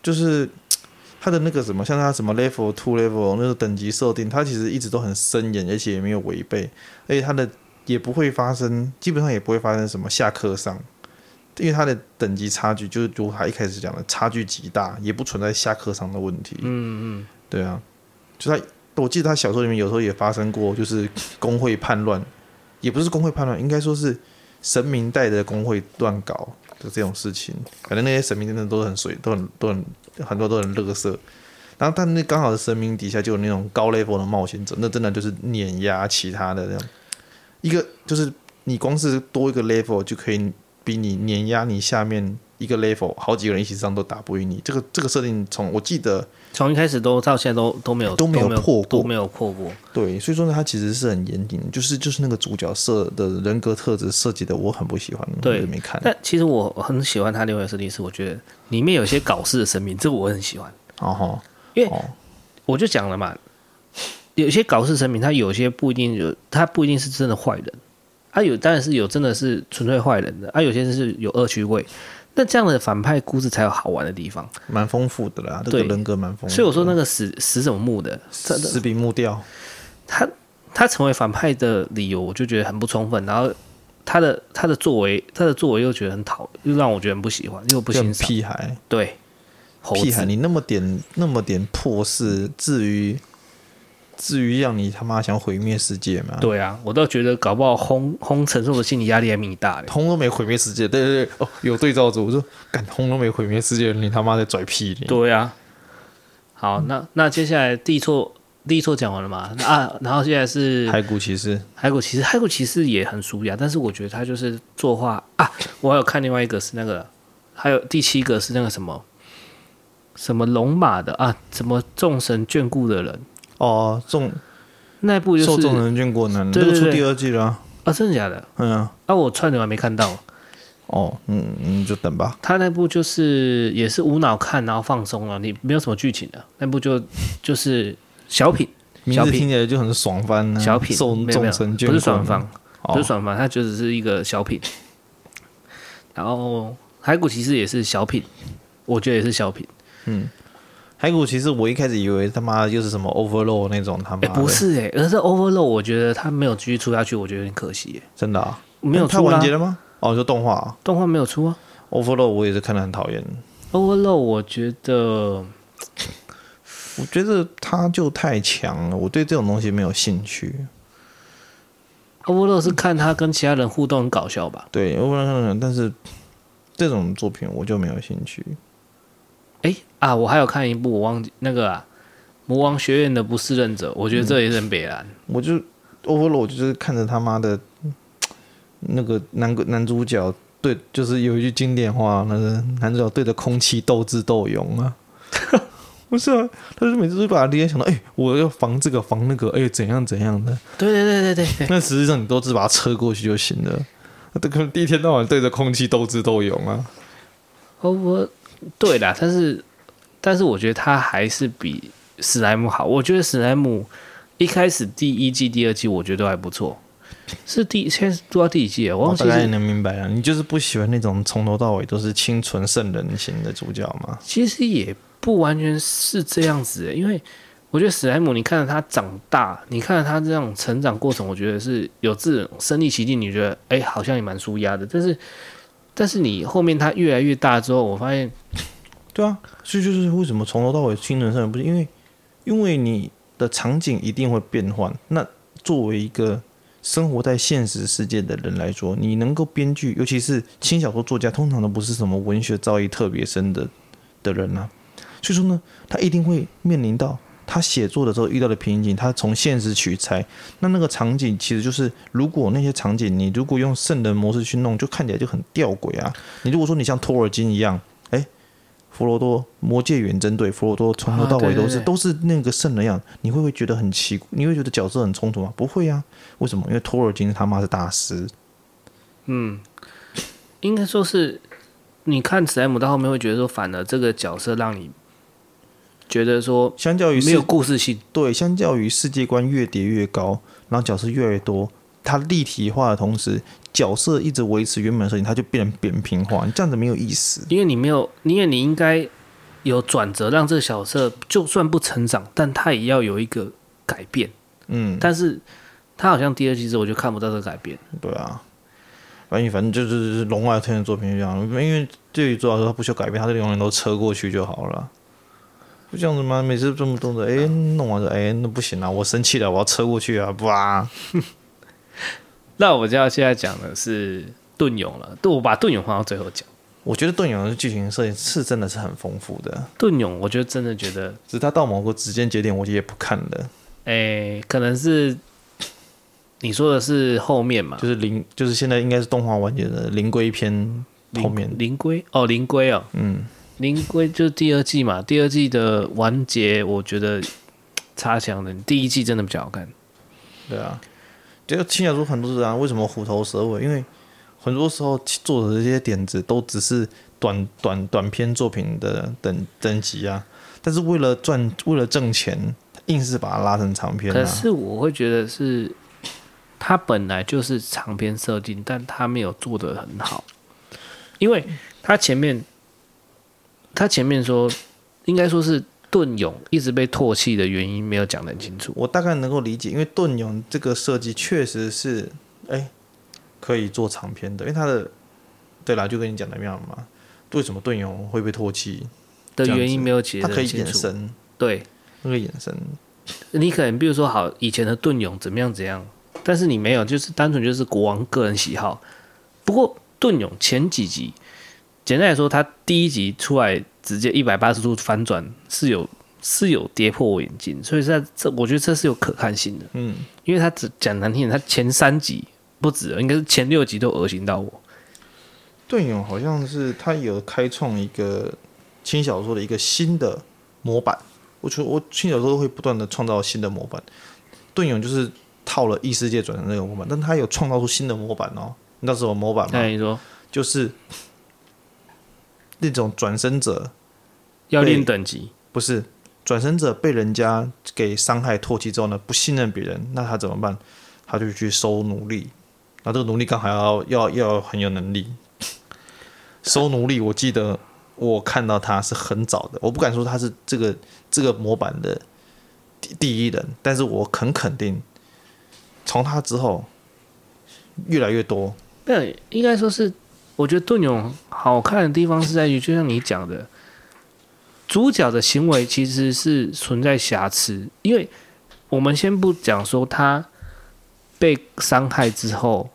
就是他的那個什麼，像他什麼 level two level 那個等級設定，他其實一直都很森嚴，而且也沒有違背，而且他的也不會發生，基本上也不會發生什麼下克上。因為他的等級差距，就是就他一開始講的差距極大，也不存在下克上的問題。嗯嗯，對啊，就他，我記得他小說裡面有時候也發生過，就是公會叛亂，也不是公會叛亂，應該說是神明帶着公會亂搞的這種事情。反正那些神明真的都很水，都很都很很多都很樂色。然後他那剛好的神明底下就有那種高 level 的冒險者，那真的就是碾壓其他的那樣。一個就是你光是多一個 level 就可以。比你碾壓你下面一個 level，好幾個人一起上都打不贏你。這個這個設定從我記得從一開始都到現在都都沒有都沒有破過，都沒有破過。對，所以說呢，他其實是很嚴謹。就是就是那個主角設的人格特質設計的，我很不喜歡。對，沒看。但其實我很喜歡他另外一個設定，是我覺得裡面有些搞事的神明， 這個我很喜歡。哦吼因為我就講了嘛，哦、有些搞事神明，他有些不一定有，他不一定是真的壞人。他、啊、有當然是有，真的是純粹壞人的啊，有些人是有惡趣味，那這樣的反派故事才有好玩的地方，蠻豐富的啦。對、這個，人格蠻豐富的。所以我說那個死死什麼墓的，死筆木掉，他他成為反派的理由，我就覺得很不充分。然後他的他的作為，他的作為又覺得很討厭，又讓我覺得很不喜歡，又不欣賞。屁孩對，屁孩，屁孩你那麼點那麼點破事，至於。至於讓你他媽想毀滅世界嗎？對啊，我倒覺得搞不好轟轟承受的心理壓力還比你大嘞。轟都沒毀滅世界，對對對，哦，有對照組，我說敢轟都沒毀滅世界，你他媽在拽屁呢？對啊，好，那那接下來第一錯、嗯、第一錯講完了嗎啊？然後現在是骸骨騎士，骸骨騎士，骸骨騎士也很俗雅、啊，但是我覺得他就是作畫啊。我還有看另外一個是那個，還有第七個是那個什麼什麼龍馬的啊，什麼眾神眷顧的人。哦，中那部就是《眾神眷顧的》，對對對，那個出第二季了啊？哦、真的假的？嗯啊，那我串我還沒看到。哦，嗯，你就等吧。他那部就是也是無腦看，然後放鬆了，你沒有什麼劇情的那部就就是小品，小品聽起來就很爽翻、啊。小品，眾眾神眷顧不是爽翻，不是爽翻、哦，它只是一個小品。然後《骸骨》其實也是小品，我覺得也是小品，嗯。骸骨，其實我一開始以為他媽的就是什麼 Overlord 那種他媽，欸、不是哎、欸，可是 Overlord 我覺得他沒有繼續出下去，我覺得有點可惜。欸，真的啊，沒有出，啊欸，太完結了嗎？哦，就動畫，動畫沒有出啊。Overlord 我也是看得很討厭，Overlord 我覺得，我覺得他就太強了，我對這種東西沒有興趣。Overlord 是看他跟其他人互動很搞笑吧？對，Overlord 但是這種作品我就沒有興趣。誒、欸、啊！我還有看一部，我忘記那個啊，《魔王學院的不適任者》，我覺得這也很別慘、嗯。我就 Overlord，我就是看着他媽的，那個男男主角對，就是有一句經典話，那個男主角對着空氣鬥智鬥勇啊。 不是啊，他就每次都把他聯想到，誒、欸，我要防這個，防那個，誒、欸，怎樣怎樣的？對對對對對。那實際上你都只把他撤過去就行了，他可能第一天到晚對着空氣鬥智鬥勇啊。哦我。對啦，但是，但是我覺得他還是比史萊姆好。我覺得史萊姆一開始第一季、第二季，我覺得都還不錯。是第先是多少第幾季啊？我大概、哦、能明白啊。你就是不喜歡那種從頭到尾都是清純聖人型的主角嗎？其實也不完全是這樣子、欸，因為我覺得史萊姆，你看了他長大， 你看了他這樣成長過程，我覺得是有這種身臨其境，你覺得哎、欸，好像也蠻舒壓的，但是。但是你後面它越來越大之後，我發現，對啊，所以就是為什麼從頭到尾青人上面不是因為，因為你的場景一定會變換。那作為一個生活在現實世界的人來說，你能夠編劇，尤其是輕小說作家，通常都不是什麼文學造詣特別深的的人啊。所以說呢，他一定會面臨到。他寫作的時候遇到的瓶頸，他從現實取材，那那個場景其實就是，如果那些場景你如果用聖人模式去弄，就看起來就很吊詭啊。你如果說你像托爾金一樣，哎、欸，佛羅多魔戒遠征隊，佛羅多從頭到尾都是、啊、對對對都是那個聖人樣，你會不會覺得很奇怪？你會覺得角色很衝突嗎？不會呀、啊，為什麼？因為托爾金他媽是大師。嗯，應該說是，你看《史萊姆》到後面會覺得說，反而這個角色讓你。覺得說，相較於沒有故事性，對，相較於世界觀越疊越高，然後角色越來越多，它立體化的同時，角色一直維持原本設定，它就變扁平化。你這樣子沒有意思，因為你沒有，因為你應該有轉折，讓這個角色就算不成長，但他也要有一個改變。嗯，但是他好像第二季之後我就看不到這個改變。對啊，反正反正就是龍傲天的作品就這樣，因為對於作者來說他不需要改變，他就永遠都車過去就好了。不像什麼每次這麼動作，哎、欸，弄完了哎、欸，那不行了、啊，我生氣了，我要撤過去啊，不啊。 那我就要現在講的是盾勇了，對，我把盾勇放到最後講。我覺得盾勇的劇情設計是真的是很豐富的。盾勇，我覺得真的覺得，只是他到某個時間節點，我也不看了。哎、欸，可能是你說的是後面嘛？就是靈，就是現在應該是動畫完結的靈龜篇後面。靈龜哦，靈龜哦，嗯。靈龜就第二季嘛，第二季的完結我覺得差強人意，第一季真的比較好看。對啊，就輕小說很多人啊，為什麼虎頭蛇尾？因為很多時候做的這些點子都只是短短短篇作品的等等級啊,但是為了賺為了掙錢，硬是把它拉成長篇啊。可是我會覺得是，他本來就是長篇設定，但他沒有做得很好，因為他前面。他前面說，應該說是盾勇一直被唾棄的原因沒有講得很清楚。我大概能夠理解，因為盾勇這個設計確實是，誒可以做長篇的，因為他的，對啦，就跟你講的那樣嘛。為什麼盾勇會被唾棄的原因沒有講的很清楚。可以對那個眼神，你可能比如說好以前的盾勇怎麼樣怎麼樣，但是你沒有，就是單純就是國王個人喜好。不過盾勇前幾集。簡單來說，他第一集出來直接一百八十度翻轉是有是有跌破我眼鏡，所以在這我覺得這是有可看性的。嗯，因為他只講難聽點，他前三集不止，應該是前六集都惡心到我。盾勇好像是他有開創一個輕小說的一個新的模板，我覺得我輕小說都會不斷的創造新的模板。盾勇就是套了異世界轉成的那個模板，但他有創造出新的模板哦。那是什麼模板嗎？對你說就是。那種轉生者要練等級，不是轉生者被人家給傷害唾棄之後呢，不信任別人，那他怎麼辦？他就去收奴隸，那這個奴隸剛好要要要很有能力。他收奴隸，我記得我看到他是很早的，我不敢說他是這個這個模板的第一人，但是我肯肯定，從他之後越來越多。對，應該說是。我覺得《盾勇》好看的地方是在於，就像你講的，主角的行為其實是存在瑕疵。因為我們先不講說他被傷害之後，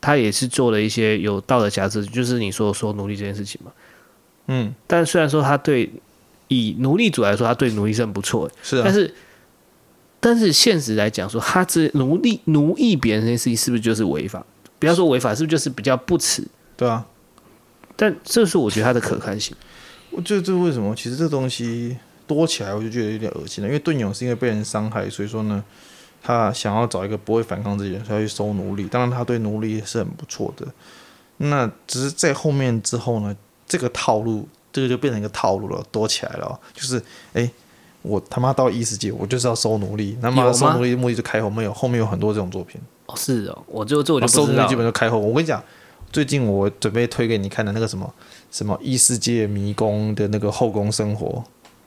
他也是做了一些有道德瑕疵，就是你說說奴隸這件事情嘛。嗯，但雖然說他對以奴隸主來說，他對奴隸是很不錯的，是啊，但是，但是現實來講，說他這奴隸奴役別人這件事情，是不是就是違法？不要說違法，是不是就是比較不恥？對啊，但這是我覺得他的可看性。我覺得這為什麼？其實這東西多起來，我就覺得有點噁心了。因為盾勇是因為被人傷害，所以說呢，他想要找一個不會反抗自己的人，他要去收奴隸。當然，他對奴隸是很不錯的。那只是在後面之後呢，這個套路，這個就變成一個套路了，多起來了。就是哎、欸，我他媽到異世界，我就是要收奴隸。那麼收奴隸目的就開後，沒有，有嗎？後面有很多這種作品。哦，是哦，我，最後我就做，我收奴隸基本就開後。我跟你講。最近我準備推給你看的那個什麼什麼異世界迷宮的那個後宮生活，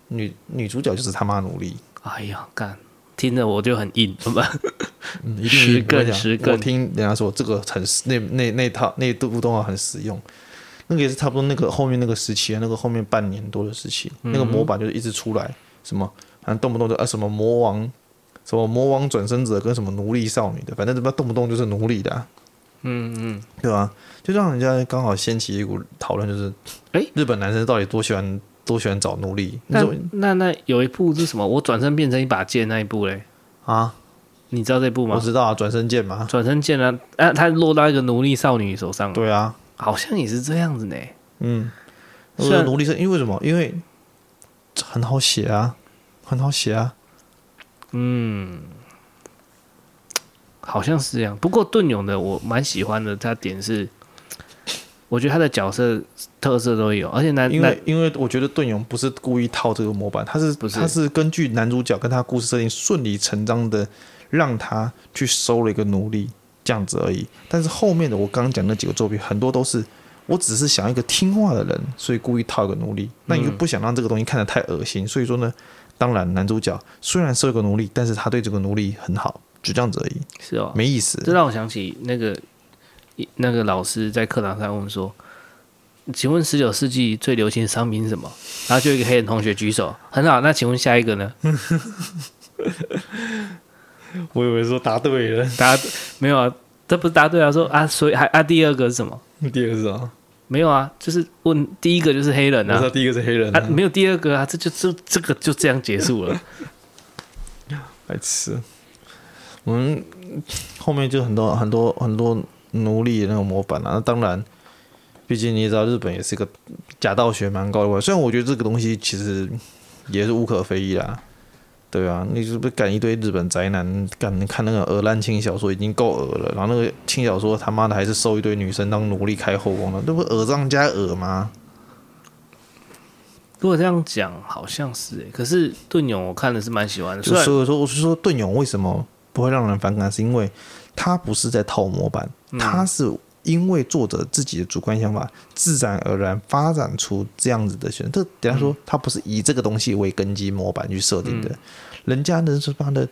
女女主角就是他媽奴隸、哎。哎呀，幹，聽着我就很硬，好吧？十個十個、嗯我，我聽人家說這個很那那那套那部、個、動畫很實用，那個也是差不多那個後面那個時期、啊，那個後面半年多的時期，那個模板就是一直出來什麼，反正動不動就啊什麼魔王，什麼魔王轉生者跟什麼奴隸少女的，反正怎麼動不動就是奴隸的、啊。嗯嗯，對啊，就讓人家剛好掀起一股討論，就是，欸，日本男生到底多喜歡多喜歡找奴隸但？那那那有一部是什麼？我轉身變成一把劍那一部嘞？啊，你知道這部嗎？我知道啊，轉身劍嘛。轉身劍啊啊，他落到一個奴隸少女手上。對啊，好像也是這樣子呢。嗯，做奴隸是因為為什麼？因為很好寫啊，很好寫啊。嗯。好像是這樣，不過盾勇的我蠻喜歡的，他點是，我覺得他的角色特色都有，而且男，因為因為我覺得盾勇不是故意套這個模板，他是他是根據男主角跟他故事設定順理成章的讓他去收了一個奴隸，這樣子而已。但是後面的我剛剛講那幾個作品很多都是，我只是想要一個聽話的人，所以故意套一個奴隸。那你又不想讓這個東西看得太噁心，所以說呢，當然男主角雖然收一個奴隸，但是他對這個奴隸很好。就這樣子而已，是哦，沒意思。這讓我想起那個那個老師在課堂上問說：“請問十九世紀最流行的商品是什麼？”然後就一個黑人同學舉手，很好。那請問下一個呢？ 我以為說答對了，答沒有啊？這不是答對啊？說啊，所以還啊，第二個是什麼？第二個是什麼？沒有啊，就是問第一個就是黑人啊，知道第一個是黑人啊，啊，沒有第二個啊，這就這這個就這樣結束了， 白痴。我們、嗯、後面就很多很多很多奴隸那個模板啊，那當然，畢竟你也知道日本也是一個假道學蠻高的，雖然我覺得這個東西其實也是無可非議啦，對啊，你是不是趕一堆日本宅男趕看那個惡爛輕小說已經夠惡了，然後那個輕小說他媽的還是收一堆女生當奴隸開後宮了，那不惡上加惡嗎？如果這樣講，好像是耶，可是盾勇我看的是蠻喜歡，的，所以說，說然我是說盾勇為什麼？不會讓人反感，是因為他不是在套模板，嗯、他是因為作者自己的主觀想法，自然而然發展出這樣子的選擇。簡單說，他不是以這個東西為根基模板去設定的。嗯、人家那是他的，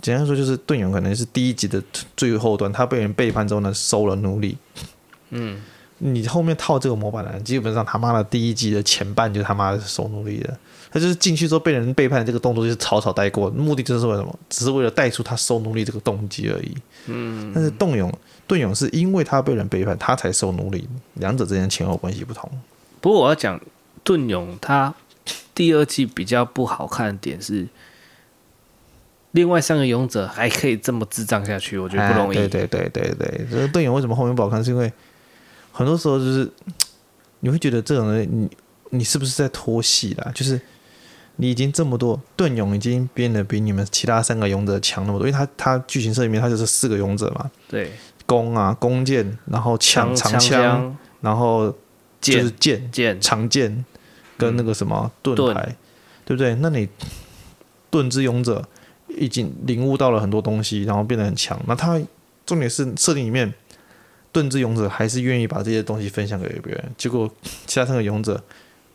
簡單說就是盾勇可能是第一集的最後段，他被人背叛之後呢，收了奴隸。嗯，你後面套這個模板呢，基本上他媽的第一集的前半就他媽的收奴隸的。他就是進去之後被人背叛，這個動作就是草草帶過，目的就是為什麼？只是為了帶出他收奴隸這個動機而已。嗯，但是盾勇盾勇是因為他被人背叛，他才收奴隸，兩者之間前後關係不同。不過我要講盾勇，他第二季比較不好看的點是，另外三個勇者還可以這麼智障下去，我覺得不容易。對、啊、對對對對，所以盾勇為什麼後面不好看？是因為很多時候就是你會覺得這種人你，你你是不是在拖戲啦？就是。你已經這麼多盾勇已經變得比你們其他三個勇者強那麼多，因為他他劇情設定裡面他就是四個勇者嘛，對，弓啊，弓箭，然後槍，長槍，強強，然後就是劍劍，長劍，跟那個什麼、嗯、盾牌，對不對？那你盾之勇者已經領悟到了很多東西，然後變得很強。那他重點是設定裡面盾之勇者還是願意把這些東西分享給別人，結果其他三個勇者。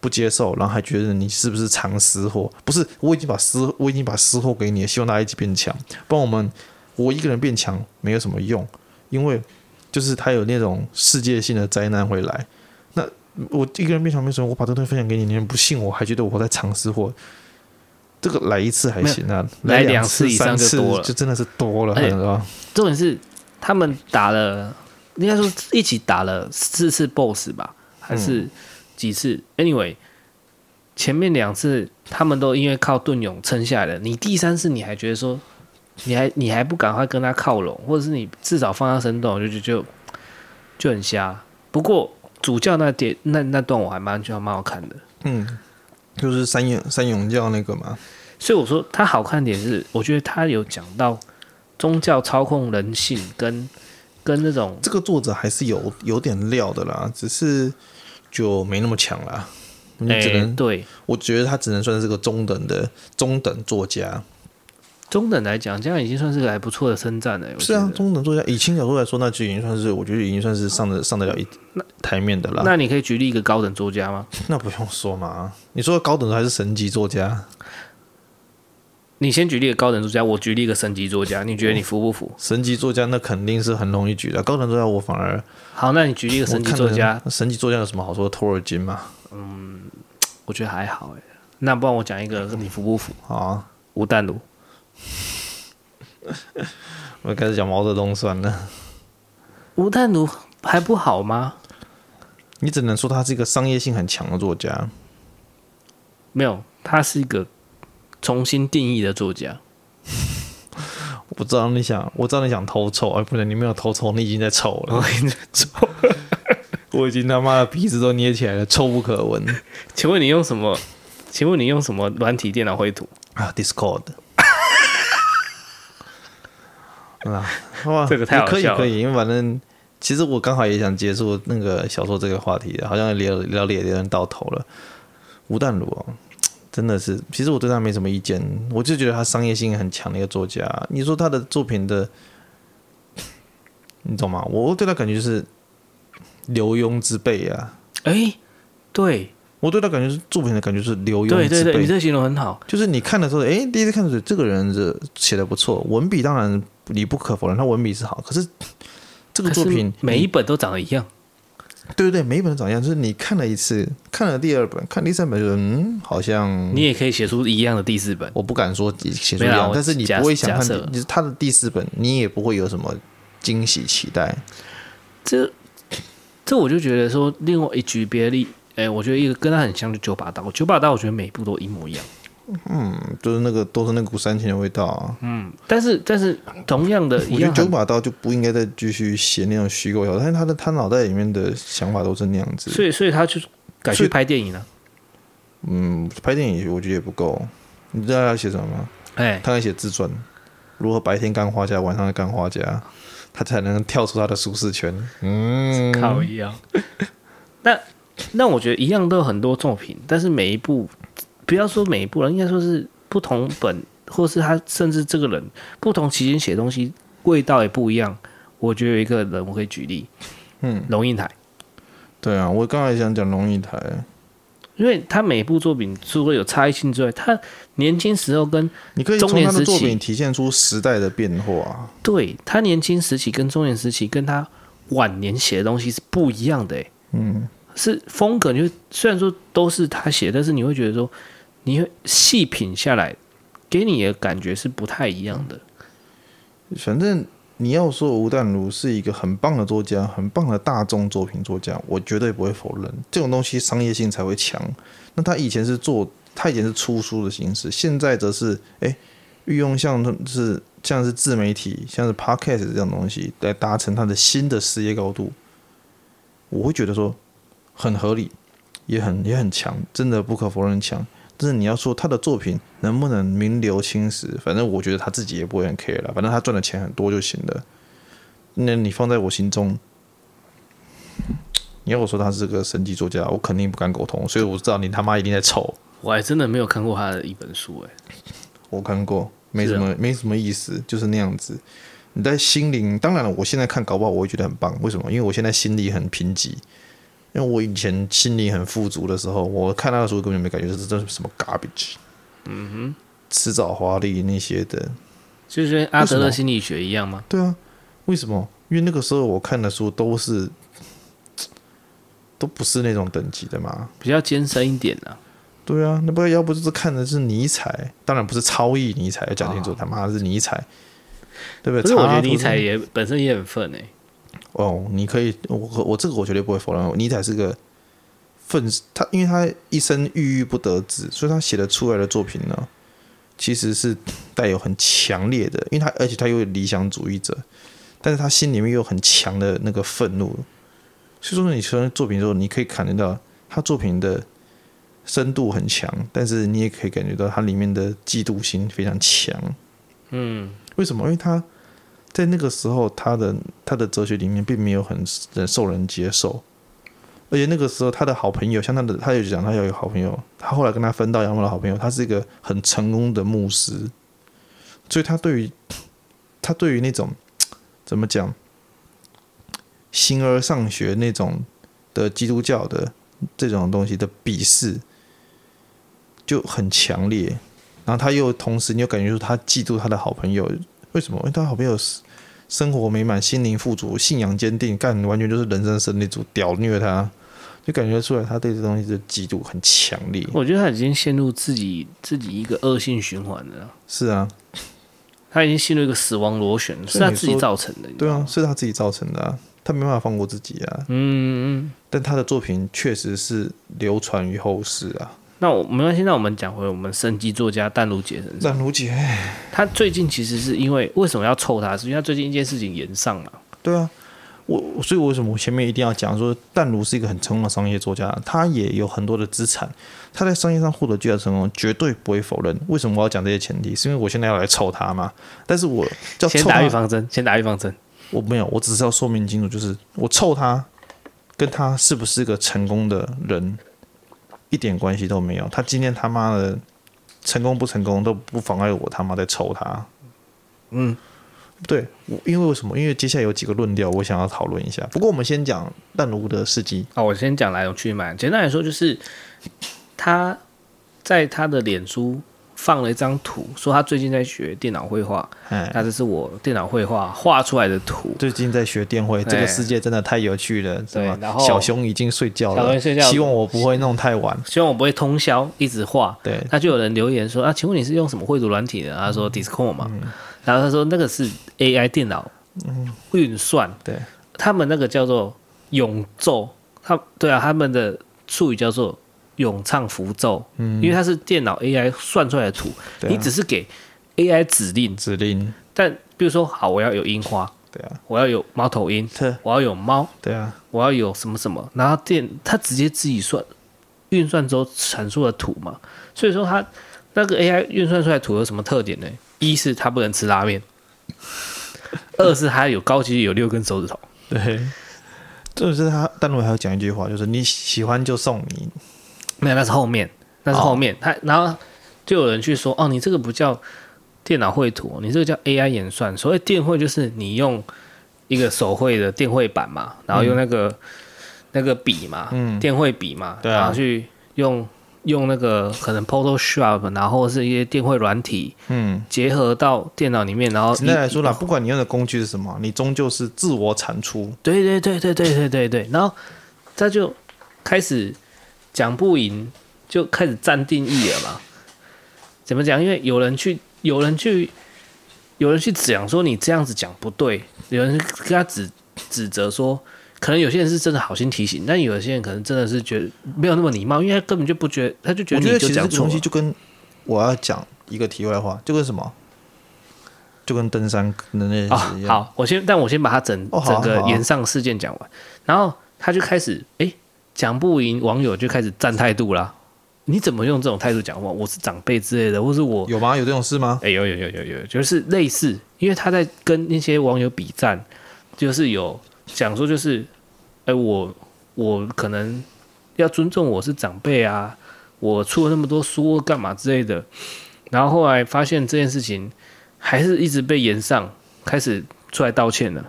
不接受，然後還覺得你是不是藏私貨？不是，我已經把私我已經把私貨給你了希望大家一起變強，不然我們我一個人變強沒有什麼用。因為就是他有那種世界性的災難會來。那我一個人變強沒什麼，我把這東西分享給你，你們不信我還覺得我在藏私貨。這個來一次還行啊，來兩次、三次，來兩次以上就多了，就真的是多了，很吧、哎？重點是他們打了，應該說一起打了四次 BOSS 吧？還是？嗯幾次？Anyway，前面兩次他們都因為靠盾勇撐下來的。你第三次你還覺得說，你還你還不趕快跟他靠攏，或者是你至少放下身段，就就就很瞎。不過主教那點那那段我還蠻覺得蠻好看的。嗯，就是三勇三勇教那個嘛。所以我說他好看點是，我覺得他有講到宗教操控人性跟跟那種，這個作者還是有有點料的啦，只是。就沒那麼強了，你只能對我覺得他只能算是個中等的中等作家。中等來講，這樣已經算是個還不錯的稱讚了。是啊，中等作家以輕小說來說，那就已經算是我覺得已經算是上得上得了一那台面的了。那你可以舉例一個高等作家嗎？那不用說嘛，你說的高等的還是神級作家？你先舉例個高等作家，我舉例個神級作家，你覺得你服不服？神級作家那肯定是很容易舉的，高等作家我反而……好，那你舉例個神級作家？神、神級作家有什麼好說的？托爾金嘛？嗯，我覺得還好哎、欸。那不然我講一個，你服不服、嗯、好啊？吳淡如， 我開始講毛澤東算了。吳淡如還不好嗎？你只能說他是一個商業性很強的作家。沒有，他是一個。重新定義的作家， 我不知道你想，我知道你想偷臭，哎，不對，你沒有偷臭，你已經在臭了，已經在臭 我已經他媽的鼻子都捏起來了，臭不可聞。 請問你用什麼？請問你用什麼軟體電腦繪圖 Discord，啊，哇，這個太好笑了。可以可以，因為反正其實我剛好也想結束那個小說這個話題，好像聊聊,聊聊聊到頭了。吳淡如。真的是，其實我對他沒什麼意見，我就覺得他商業性很強的一個作家。你說他的作品的，你懂嗎？我對他感覺就是劉墉之輩啊。哎、欸，對。我對他感覺是作品的感覺是劉墉之輩。對對對，你這形容很好。就是你看的時候，哎、欸，第一次看的時候，這個人是寫的不錯，文筆當然你不可否認，他文筆是好。可是這個作品每一本都長得一樣。對對對，每一本都長一樣，就是你看了一次，看了第二本，看第三本就嗯，好像你也可以寫出一樣的第四本。我不敢說寫出一樣，啦但是你不會想看的你他的第四本，你也不會有什麼驚喜期待。這這，這我就覺得說，另外一舉別離哎、欸，我覺得一個跟他很像的《九把刀》，《九把刀》我覺得每一部都一模一樣。嗯，就是那個都是那股煽情的味道啊。嗯，但是但是同樣的，我，一樣，我覺得九把刀就不應該再繼續寫那種虛構小說，很但是他的他腦袋裡面的想法都是那樣子。所以所以他去改去拍電影了。嗯，拍電影我覺得也不夠，你知道他要寫什麼嗎？哎、欸，他在寫自傳，如何白天幹花家，晚上幹花家，他才能跳出他的舒適圈。嗯，好，一樣。 那那我覺得一樣都有很多作品，但是每一部。不要說每一部了，應該說是不同本，或是他甚至這個人不同期間寫東西味道也不一樣。我覺得有一個人我可以舉例，嗯，龍應台。對啊，我剛才想講龍應台，因為他每一部作品除了有差異性之外，他年輕時候跟中年時期你可以從他的作品體現出時代的變化，啊。對，他年輕時期跟中年時期跟他晚年寫的東西是不一樣的，欸，嗯，是風格。就雖然說都是他寫，但是你會覺得說。你細品下來，給你的感覺是不太一樣的。反正你要說吳淡如是一個很棒的作家，很棒的大眾作品作家，我絕對不會否認。這種東西商業性才會強。那他以前是做，他以前是出書的形式，現在則是哎，運、欸、用像是像是自媒體，像是 Podcast 這種東西來達成他的新的事業高度。我會覺得說很合理，也很也很強，真的不可否認，強。但是你要說他的作品能不能名留青史？反正我覺得他自己也不會很 care 啦，反正他賺的錢很多就行了。那你放在我心中，你要我說他是個神級作家，我肯定不敢苟同。所以我知道你他媽一定在醜，我還真的沒有看過他的一本書誒、欸，我看過，沒什麼，啊、沒什麼意思，就是那樣子。你在心靈，當然我現在看搞不好我會覺得很棒，為什麼？因為我現在心裡很貧瘠。因為我以前心靈很富足的時候，我看那個書根本就沒感覺是，這這是什麼 garbage？嗯哼，辭藻華麗那些的，就是跟阿德勒心理學一樣嗎？對啊，為什麼？因為那個時候我看的書都是，都不是那種等級的嘛，比較艱深一點啊。對啊，那不要不就是看的是尼采，當然不是超譯尼采，要講清楚的，他媽、哦、是尼采，對不對？所以尼采也本身也很憤誒、欸。哦，oh, 你可以，我我這個我絕對不會否認，尼采是個憤，他因為他一生鬱鬱不得志，所以他寫的出來的作品呢，其實是帶有很強烈的，因為他而且他又有理想主義者，但是他心裡面又有很強的那個憤怒，所以說你從作品之後，你可以感覺到他作品的深度很強，但是你也可以感覺到他裡面的嫉妒心非常強，嗯，為什麼？因為他。在那個時候，他的他的哲學裡面並沒有很受人接受，而且那個時候他的好朋友，像他的，他也講他要有一個好朋友。他後來跟他分道揚鑣的好朋友，他是一個很成功的牧師，所以他對於他對於那種怎麼講形而上學那種的基督教的這種東西的鄙視就很強烈。然後他又同時，你又感覺說他嫉妒他的好朋友。為什麼？因、欸、為他好朋友生活美滿，心靈富足，信仰堅定，幹完全就是人生勝利組，屌虐他，就感覺出來他對這東西的嫉妒很強烈。我覺得他已經陷入自己自己一個惡性循環了。是啊，他已經陷入一個死亡螺旋，是他自己造成的。成的對啊，是他自己造成的啊，他沒辦法放過自己啊。嗯，嗯，嗯，但他的作品確實是流傳於後世啊。那我沒關係，那我們講回我們升級作家淡如姐身上。淡如姐他最近其實是因為為什麼要抽他？是因為他最近一件事情炎上了。對啊，我所以我為什麼我前面一定要講說，淡如是一個很成功的商業作家，他也有很多的資產，他在商業上獲得巨大成功，絕對不會否認。為什麼我要講這些前提？是因為我現在要來抽他嘛。但是我叫他先打預防針，先打預防針。我沒有，我只是要說明清楚，就是我抽他，跟他是不是一個成功的人？一點關係都沒有。他今天他媽的成功不成功都不妨礙我他媽在抽他。嗯，對，因為為什麼？因為接下來有幾個論調，我想要討論一下。不過我們先講彈爐的時機。哦，我先講來龍去脈。簡單來說就是，他在他的臉書。放了一張圖，說他最近在學電腦繪畫，他這是我電腦繪畫畫出來的圖。最近在學電繪，這個世界真的太有趣了，對。然後小熊已經睡覺了，希望我不會弄太晚，希望我不會通宵一直畫。對，他就有人留言說啊，請問你是用什麼繪圖軟體的？他說 Discord 嘛，然後他說那個是 AI 電腦運算，對，他們那個叫做永晝，他對啊，他們的術語叫做。詠唱符咒，嗯，因為它是電腦 AI 算出來的圖，嗯啊、你只是給 AI 指令，指令。但比如說，好，我要有櫻花，對啊，我要有貓頭鷹，是我要有貓，對啊，我要有什麼什麼，然後電，它直接自己算，運算之後產出的圖嘛。所以說，它那個 AI 運算出來的圖有什麼特點呢？一是它不能吃拉麵， 二是它有高級，有六根手指頭，對。嗯、就是他，單獨還要講一句話，就是你喜歡就送你。那是後面，那是後面。哦、他然後就有人去說：“哦，你這個不叫電腦繪圖，你這個叫 AI 演算。所以電繪就是你用一個手繪的電繪板嘛，然後用那個、嗯、那個筆嘛，嗯，電繪筆嘛，對、嗯、然後去用用那個可能 Photoshop，然後是一些電繪軟體，嗯，結合到電腦裡面，嗯、然後簡單來說啦，哦、不管你用的工具是什麼，你終究是自我產出。對，對對對對對對對對。然後他就開始。講不贏就開始暫定義了嘛？怎麼講？因為有人去，有人去，有人去講說你這樣子講不對，有人跟他指指責說，可能有些人是真的好心提醒，但有些人可能真的是覺得沒有那麼禮貌，因為他根本就不覺得，他就覺得你就講錯。其實，就跟我要講一個題外話，就跟什麼，就跟登山的那啊、哦，好，我先，但我先把他整整個巖上事件講完，哦啊啊、然後他就開始哎。欸講不贏網友就開始站態度啦！你怎麼用這種態度講話？我是長輩之類的，或是我有嗎？有這種事嗎？誒、欸，有有有有有，就是類似，因為他在跟那些網友比贊就是有講說，就是哎、欸，我我可能要尊重我是長輩啊，我出了那麼多書幹嘛之類的。然後後來發現這件事情還是一直被炎上，開始出來道歉了。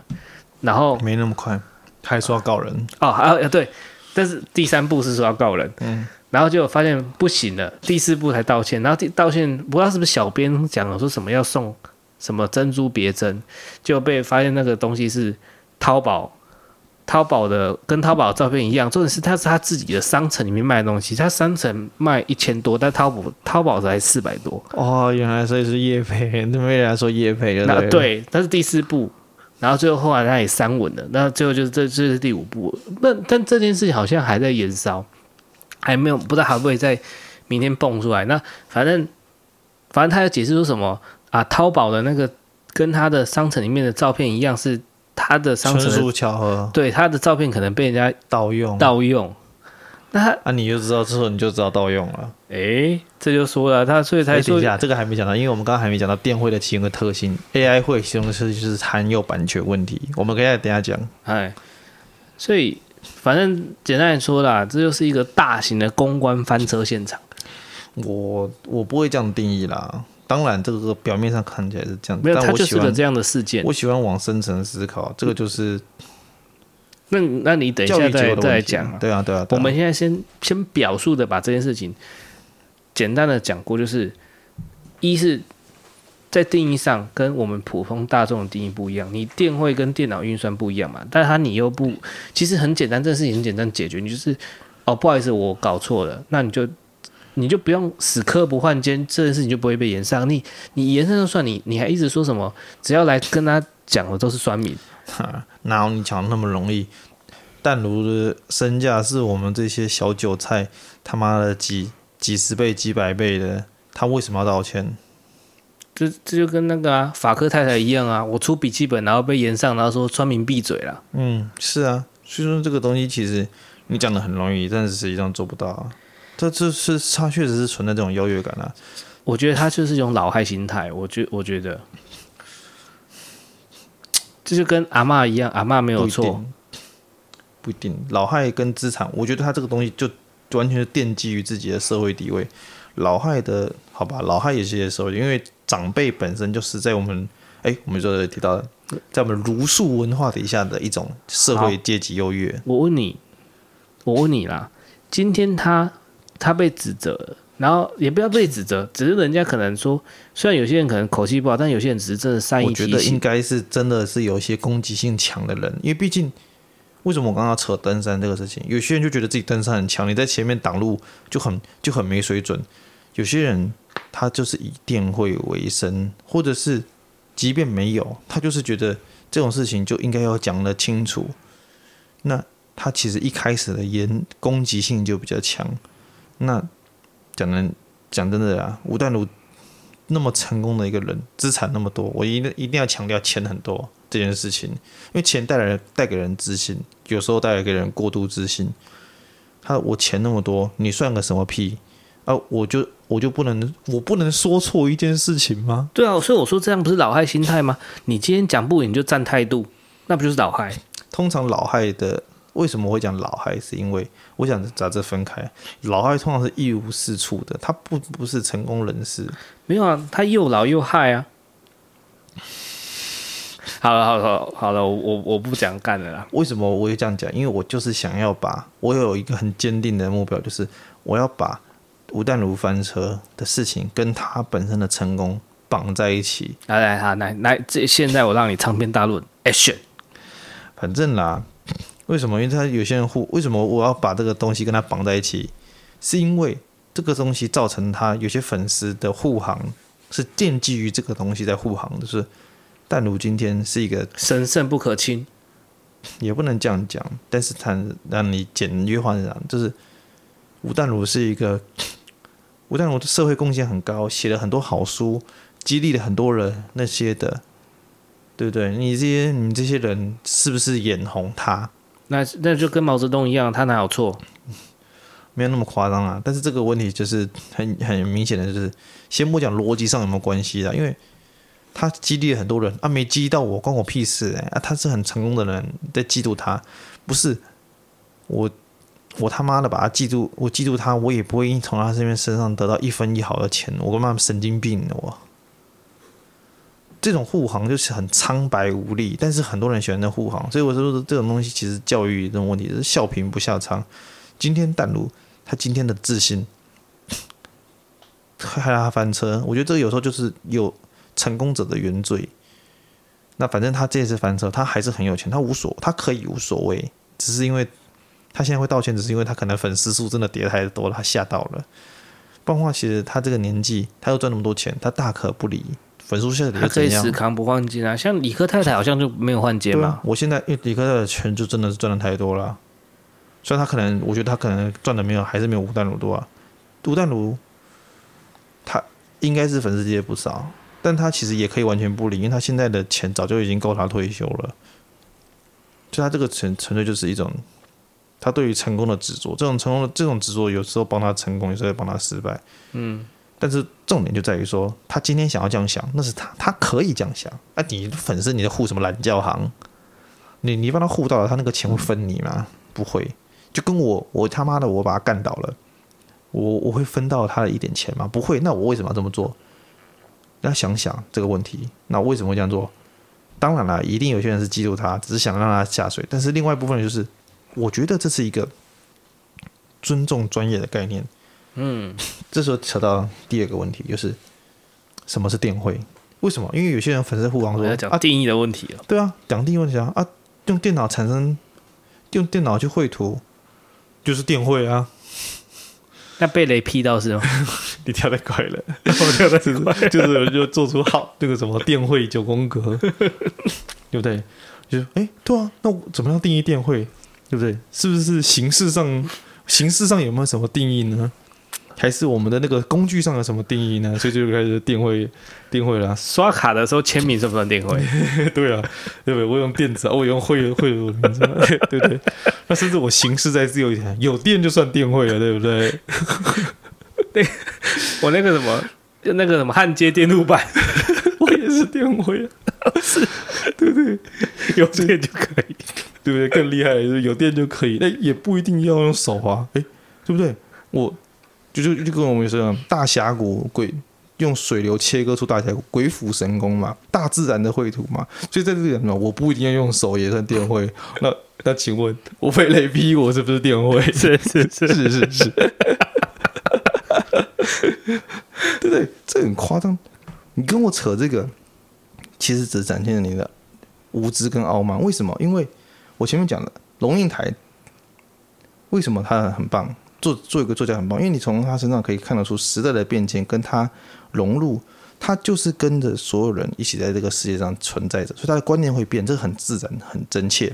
然後沒那麼快，還說要告人啊要、啊、對。但是第三步是說要告人，嗯，然後就發現不行了，第四步才道歉，然後道歉，不知道是不是小編講了說什麼要送什麼珍珠別針，就被發現那個東西是淘寶，淘寶的跟淘寶的照片一樣，重點是他是他自己的商城裡面賣的東西，他商城賣一千多，但淘寶淘寶才四百多，哦，原來所以是業配，他們倆說業配的，對，但是第四步。然後最後後來他也刪文了，那最後就是這這、就是第五步，那但，但這件事情好像還在延燒，還沒有，不知道還會不會在明天蹦出來。那反正反正他要解釋說什麼啊？淘寶的那個跟他的商城裡面的照片一樣，是他的商城的，對他的照片可能被人家盜用，盜用。那、啊、你就知道，之後你就知道盜用了。哎、欸，這就說了，他所以才說，這個還沒講到，因為我們剛剛還沒講到電匯的幾個特性。AI 會形容的、就是，就是含有版權問題。我們可以等下講。哎，所以反正簡單來說啦，這就是一個大型的公關翻車現場。我我不會這樣定義啦，當然這個表面上看起來是這樣，沒有，但我喜歡這樣的事件。我喜歡往深層思考，這個就是。嗯那那你等一下再來再來講對啊，對啊對啊。我們現在先先表述的把這件事情簡單的講過，就是一是在定義上跟我們普通大眾的定義不一樣，你電匯跟電腦運算不一樣嘛，但是他你又不，其實很簡單，這件事情很簡單解決，你就是哦不好意思，我搞錯了，那你就你就不用死磕不換肩，這件事情就不會被延上。你你延伸就算你你還一直說什麼，只要來跟他。講的都是酸民，啊、哪有你講的那麼容易？淡如的身價是我們這些小韭菜他媽的幾幾十倍、幾百倍的，他為什麼要道歉？這這就，就跟那個、啊、法克太太一樣啊！我出筆記本，然後被炎上，然後說酸民閉嘴了。嗯，是啊，所以說這個東西其實你講的很容易，但是實際上做不到啊。他這、就是他確實是存在這種優越感啊。我覺得他就是一種老害心態，我覺我覺得。這就跟阿嬤一樣，阿嬤沒有錯。不一定，不一定。老害跟資產，我覺得他這個東西就完全是奠基於自己的社會地位。老害的好吧，老害有些時候，因為長輩本身就是在我們，哎，我們就提到在我們儒家文化底下的一種社會階級優越。我問你，我問你啦，今天他他被指責。然後也不要被指責，只是人家可能說，雖然有些人可能口氣不好，但有些人只是真的善意。我覺得應該是真的是有一些攻擊性強的人，因為畢竟為什麼我剛剛要扯登山這個事情？有些人就覺得自己登山很強，你在前面擋路就很就很沒水準。有些人他就是以電會為生，或者是即便沒有，他就是覺得這種事情就應該要講得清楚。那他其實一開始的言攻擊性就比較強。那講真，講真的啊，吳淡如那麼成功的一個人，資產那麼多，我一定一定要強調錢很多這件事情，因為錢帶來帶給人自信，有時候帶來給人過度自信。他我錢那麼多，你算個什麼屁啊？我就我就不能，我不能說錯一件事情嗎？對啊，所以我說這樣不是老害心態嗎？ 你今天講不贏就佔態度，那不就是老害？通常老害的。為什麼我會講老嗨？是因為我想把這分開。老嗨通常是一無是處的，他不不是成功人士。沒有啊，他又老又嗨啊！好了，好了，好了，我我不想幹了啦。為什麼我會這樣講？因為我就是想要把我有一個很堅定的目標，就是我要把吳淡如翻車的事情跟他本身的成功綁在一起。來來，來來，這現在我讓你長篇大論。Action，反正啦、啊。為什麼？因為他有些人護，為什麼我要把這個東西跟他綁在一起？是因為這個東西造成他有些粉絲的護航是奠基於這個東西在護航的。就是，淡如今天是一個神聖不可侵，也不能這樣講。但是他，他讓你簡約化講，就是吳淡如是一個吳淡如的社會貢獻很高，寫了很多好書，激勵了很多人那些的，對不對？你這些你這些人是不是眼紅他？那那就跟毛澤東一樣，他哪有錯？沒有那麼誇張啊！但是這個問題就是很很明顯的就是，先不講邏輯上有沒有關係了，啊，因為他激勵很多人，啊，沒激勵到我，關我屁事哎，欸！啊，他是很成功的人，在嫉妒他，不是我，我他媽的把他嫉妒，我嫉妒他，我也不會從他這邊身上得到一分一毫的錢，我跟媽神經病的我！這種護航就是很蒼白無力，但是很多人喜歡的護航，所以我說，說這種東西其實教育這種問題是笑貧不笑娼。今天淡如他今天的自信，呵呵還讓他翻車，我覺得這個有時候就是有成功者的原罪。那反正他這次翻車，他還是很有錢，他無所，他可以無所謂，只是因為他現在會道歉，只是因為他可能粉絲數真的跌太多了，他嚇到了。不然的話，其實他這個年紀，他又賺那麼多錢，他大可不理。粉絲現在的可以死扛不換肩啊，像理科太太好像就沒有換肩嘛吧。我現在因為理科太太的錢就真的是賺的太多了，雖然他可能，我覺得他可能賺的沒有，還是沒有吳淡如多啊。吳淡如他應該是粉絲接不少，但他其實也可以完全不理，因為他現在的錢早就已經夠他退休了。就他這個純純粹就是一種他對於成功的執着，這種成功的這種執着有時候幫他成功，有時候幫他失敗。嗯。但是重點就在於說，他今天想要這樣想，那是他，他可以這樣想。那、啊、你，你的粉絲，你的護什麼懶教行？你你幫他護到了，他那個錢會分你嗎？不會。就跟我，我他媽的，我把他幹倒了，我我會分到他的一點錢嗎？不會。那我為什麼要這麼做？要想想這個問題。那我為什麼會這樣做？當然了，一定有些人是嫉妒他，只是想讓他下水。但是另外一部分人就是，我覺得這是一個尊重專業的概念。嗯，這時候扯到第二個問題，就是什麼是電繪？為什麼？因為有些人粉絲互網說、嗯、啊，講定義的問題啊，對啊，講定義問題啊，啊，用電腦產生，用電腦去繪圖，就是電繪啊。那被雷劈到是嗎？ 你跳太快了， 我跳的太快 就是就做出好 這個什麼電繪九宮格， 對不對？就是，哎，對啊，那怎麼樣定義電繪？對不對？是不是，是形式上，形式上有沒有什麼定義呢？還是我們的那個工具上有什麼定義呢？所以就開始就電匯，電匯了、啊。刷卡的時候簽名算不算電匯？對，對啊，對不對？我用電子， 我用匯匯的名字，對不對？那甚至我形式再自由一點，有電就算電匯了，對不對？對，我那個什麼，那個什麼焊接電路板， 我也是電匯、啊， 是，對不對？有電就可以，對不對？更厲害的是有電就可以，那也不一定要用手滑、啊，對不對？我。就就就跟我們說，大峽谷鬼用水流切割出大峽谷，鬼斧神工嘛，大自然的繪圖嘛。所以在這裡呢，我不一定要用手也算電繪。 那那，請問我被雷劈，我是不是電繪？ 是是是是是。對不對？這很誇張。你跟我扯這個，其實只展現了你的無知跟傲慢。為什麼？因為我前面講了龍應台，為什麼他很棒？做做一個作家很棒，因為你從他身上可以看得出時代的變遷，跟他融入，他就是跟着所有人一起在這個世界上存在着，所以他的觀念會變，這個很自然、很真切。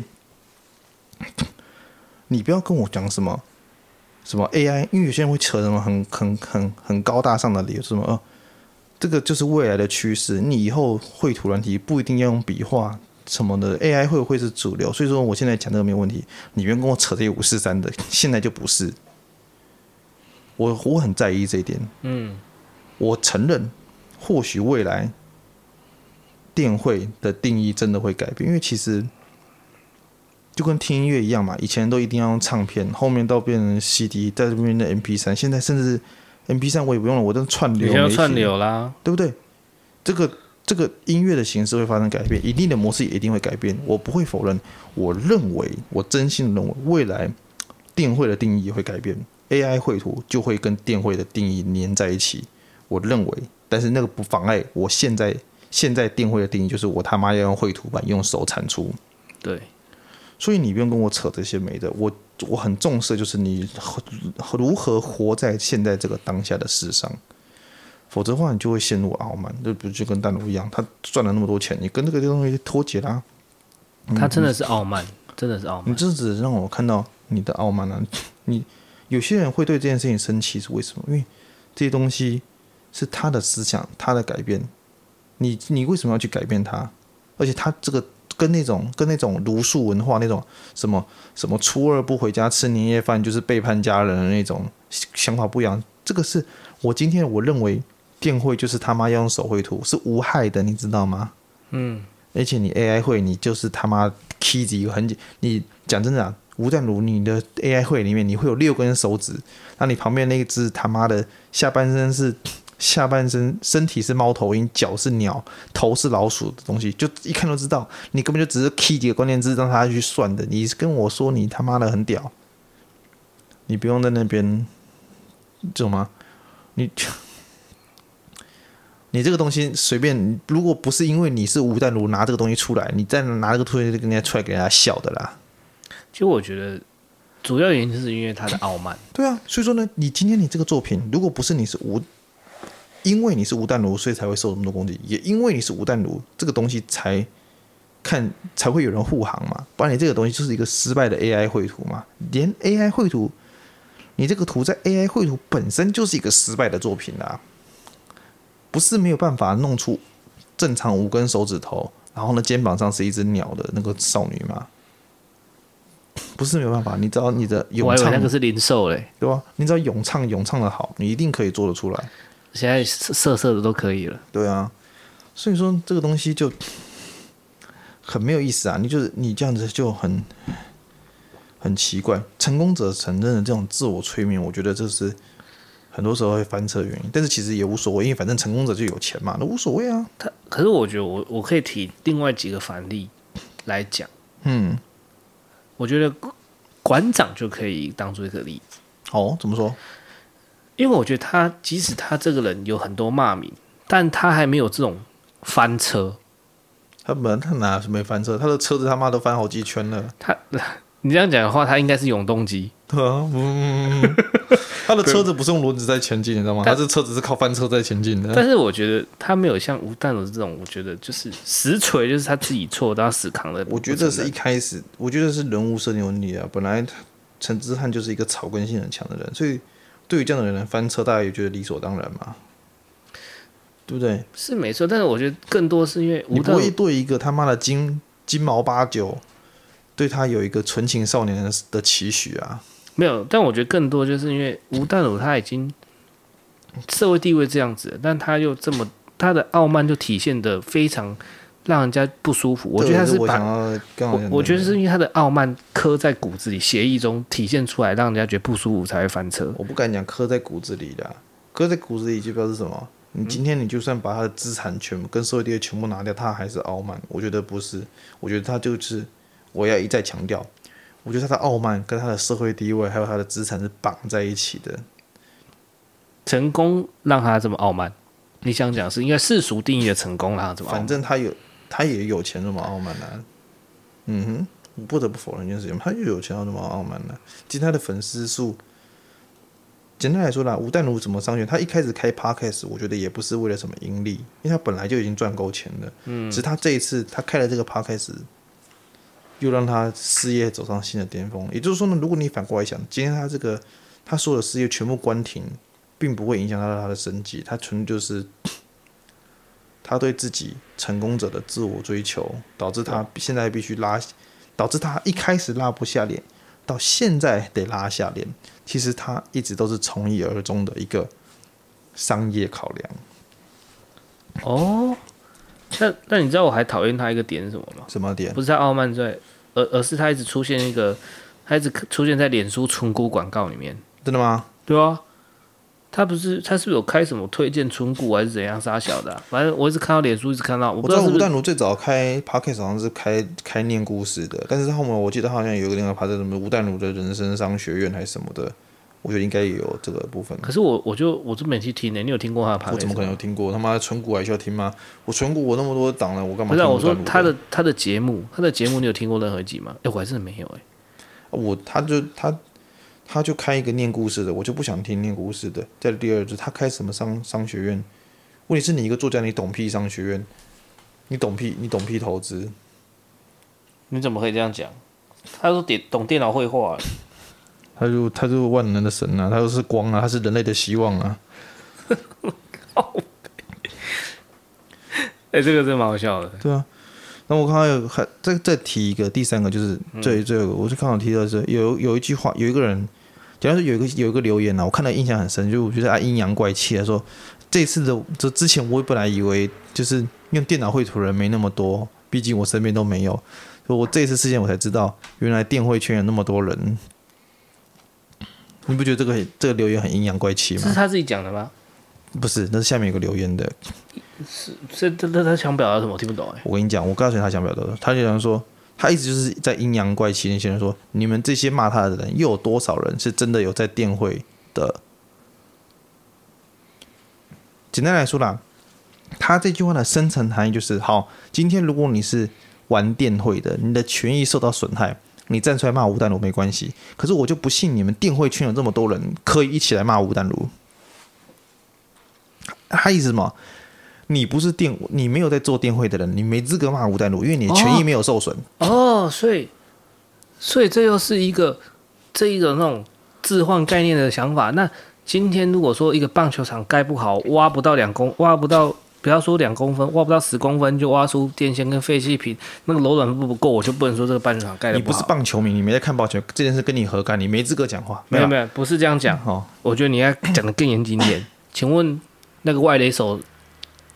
你不要跟我講什麼什麼 AI，因為有些人會扯什麼很很很很高大上的理由，什麼呃、哦，這個就是未來的趨勢，你以後繪圖軟體不一定要用筆畫什麼的，AI 會不會是主流？所以說我現在講這個沒有問題，你別跟我扯這些五四三的，現在就不是。我我很在意這一點，嗯，我承認，或許未來電影的定義真的會改變，因為其實就跟聽音樂一樣嘛，以前都一定要用唱片，後面到變成 CD，在這邊的 MP3，現在甚至 MP3 我也不用了，我都串流。你串流啦，對不對？這個這個音樂的形式會發生改變，一定的模式也一定會改變，我不會否認。我認為，我真心的認為，未來電影的定義也會改變。AI 繪圖就會跟電繪的定義粘在一起，我認為，但是那個不妨礙我現在現在電繪的定義就是我他媽要用繪圖板用手產出。對，所以你不用跟我扯這些沒的，我我很重視就是你如何活在現在這個當下的世上，否則的話你就會陷入傲慢。就比如就跟淡如一樣，他賺了那麼多錢，你跟這個東西脫節啦。他真的是傲慢，真的是傲慢。你這只讓我看到你的傲慢呢、啊？你。有些人會對這件事情生氣是為什麼？因為這些東西是他的思想，他的改變。你你為什麼要去改變他？而且他這個跟那種跟那種儒術文化那種什麼什麼初二不回家吃年夜飯就是背叛家人的那種想法不一樣。這個是我今天，我認為電繪就是他媽要用手繪圖是無害的，你知道嗎？嗯。而且你 AI 繪你就是他媽 key zy, 很你講真的，啊。吳淡如，你的 AI 繪裡面你會有六根手指，那你旁邊那只他媽的下半身是下半身身體是貓頭鷹，腳是鳥，頭是老鼠的東西，就一看都知道，你根本就只是 key 幾個關鍵字讓他去算的。你跟我說你他媽的很屌，你不用在那邊，懂嗎？你你這個東西隨便，如果不是因為你是吳淡如拿這個東西出來，你再拿這個圖片跟人家出來，給人家笑的啦。就我覺得主要原因就是因為他的傲慢，對啊，所以說呢，你今天你這個作品，如果不是你是無，因為你是無彈爐，所以才會受這麼多攻擊；也因為你是無彈爐，這個東西才看才會有人護航嘛。不然你這個東西就是一個失敗的 AI 繪圖嘛。連 AI 繪圖，你這個圖在 AI 繪圖本身就是一個失敗的作品啦、啊。不是沒有辦法弄出正常五根手指頭，然後呢肩膀上是一隻鳥的那個少女嘛。不是沒有辦法，你只要你的詠唱那個是零售嘞、欸，對吧？你只要詠唱詠唱的好，你一定可以做得出來。現在色色的都可以了，對啊。所以說這個東西就很沒有意思啊！你就你這樣子就很很奇怪。成功者承認的這種自我催眠，我覺得這是很多時候會翻車的原因。但是其實也無所謂，因為反正成功者就有錢嘛，那無所謂啊。他可是我覺得我我可以提另外幾個反例來講，嗯。我覺得館長就可以當做一個例子。哦，怎麼說？因為我覺得他，即使他這個人有很多罵名，但他還沒有這種翻車。他本來他哪是沒翻車？他的車子他媽都翻好幾圈了。他，你這樣講的話，他應該是永動機。 他的車子不是用輪子在前進，你知道嗎？但 他的車子是靠翻車在前進的。但是我覺得他沒有像吳旦龍這種，我覺得就是實錘，就是他自己錯到死扛的。我覺得這是一開始，我覺得是人物設定問題啊。本來陳之漢就是一個草根性很強的人，所以對於這樣的人翻車，大家也覺得理所當然嘛，對不對？是沒錯，但是我覺得更多是因為你不會對一個他媽的金金毛八九對他有一個純情少年的期許啊。沒有，但我覺得更多就是因為吳淡如他已經社會地位這樣子，但他又這麼，他的傲慢就體現的非常讓人家不舒服。對我覺得他是把，我、那個、我覺得是因為他的傲慢刻在骨子裡，協議中體現出來，讓人家覺得不舒服才會翻車。我不敢講刻在骨子裡的、啊，刻在骨子裡就表示什麼。你今天你就算把他的資產全部跟社會地位全部拿掉，他還是傲慢。我覺得不是，我覺得他就是，我要一再強調。我覺得他的傲慢跟他的社會地位還有他的資產是綁在一起的。成功讓他這麼傲慢？你想講是應該世俗定義的成功啦，怎麼？反正他有，他也有錢，那麼傲慢的、啊。對嗯哼，我不得不否認一件事情，他又有錢到那麼傲慢的、啊。其實他的粉絲數，簡單來說啦，吳淡如怎麼上去？他一開始開 Podcast 我覺得也不是為了什麼盈利，因為他本來就已經賺夠錢了。嗯，其實他這一次他開了這個 Podcast 又讓他事業走上新的巔峰，也就是說呢，如果你反過來想，今天他這個，他所有的事業全部關停，並不會影響到他的生計，他純就是他對自己成功者的自我追求，導致他現在必須拉，哦、導致他一開始拉不下臉，到現在得拉下臉，其實他一直都是從一而終的一個商業考量。哦。但但你知道我還討厭他一個點是什麼嗎？什麼點？不是他傲慢在，而而是他一直出現一個，他一直出現在臉書存股廣告裡面。真的嗎？對啊，他不是他是不是有開什麼推薦存股還是怎樣殺小的、啊？反正我一直看到臉書，一直看到我不知道吳淡如最早開 Podcast 好像是開開念故事的，但是後面我記得好像有一個 Podcast 在什麼吳淡如的人生商學院還是什麼的。我覺得應該也有這個部分。可是我，我就我就沒去聽呢、欸。你有聽過他的盤？我怎麼可能有聽過？他媽的，存股還需要聽嗎？我存股我那麼多檔了，我幹嘛不？不是、啊、我說他的他的節目，他的節目你有聽過任何一集嗎？誒、 欸，我還真的沒有誒、欸。我他就他他就開一個念故事的，我就不想聽念故事的。在第二次他開什麼商商學院？問題是，你一個作家，你懂屁商學院？你懂屁？你懂屁投資？你怎麼可以這樣講？他說點懂電腦繪畫。他就他、是、就是萬能的神啊，他就是光啊，他是人類的希望啊。好，哎，這個真蠻好笑的。對啊，那我剛剛有還再再提一個第三個，就是這、嗯、個，我是剛好提到是有有一句話，有一個人，假如說有一個有一個留言啊，我看了印象很深，就我覺得啊陰陽怪氣啊，說這次的這之前我本來以為就是用電腦繪圖的人沒那麼多，畢竟我身邊都沒有，所以我這次事件我才知道，原來電繪圈有那麼多人。你不覺得這個很這個留言很陰陽怪氣嗎？是他自己講的嗎？不是，那是下面有個留言的。是，這這他他想表達什麼？我聽不懂哎、欸。我跟你講，我告訴你他想表達什麼。他就想說，他一直就是在陰陽怪氣那些人說，你們這些罵他的人，又有多少人是真的有在電匯的？簡單來說啦，他這句話的深層含義就是：好，今天如果你是玩電匯的，你的權益受到損害。你站出來罵吳丹如沒關係，可是我就不信你們電會圈有這麼多人可以一起來罵吳丹如。他、啊、意思嘛？你不是電，你沒有在做電會的人，你沒資格罵吳丹如，因為你的權益沒有受損、哦。哦，所以，所以這又是一個這一種那種置換概念的想法。那今天如果說一個棒球場蓋不好，挖不到兩公，挖不到。不要說兩公分，挖不到十公分就挖出電線跟廢棄品，那個柔軟度不夠，我就不能說這個半場蓋的。你不是棒球迷，你沒在看棒球這件事跟你何干？你沒資格講話。沒有沒有，沒有，不是這樣講。嗯、我覺得你應該講得更嚴謹點。 請問那個外壘手，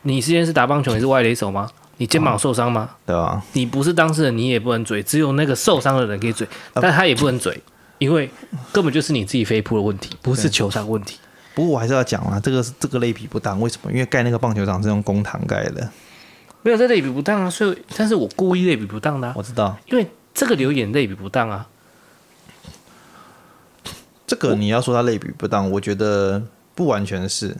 你之前是打棒球還是外壘手嗎？你肩膀受傷嗎？嗯、對吧、啊？你不是當事人，你也不能嘴。只有那個受傷的人可以嘴，但他也不能嘴，呃、因為根本就是你自己飛撲的問題，不是球場問題。不過我還是要講啊，這個是這個類比不當，為什麼？因為蓋那個棒球場是用公帑蓋的，沒有這類比不當啊，所以但是我故意類比不當的，啊，我知道，因為這個留言類比不當啊，這個你要說它類比不當，我，我覺得不完全是，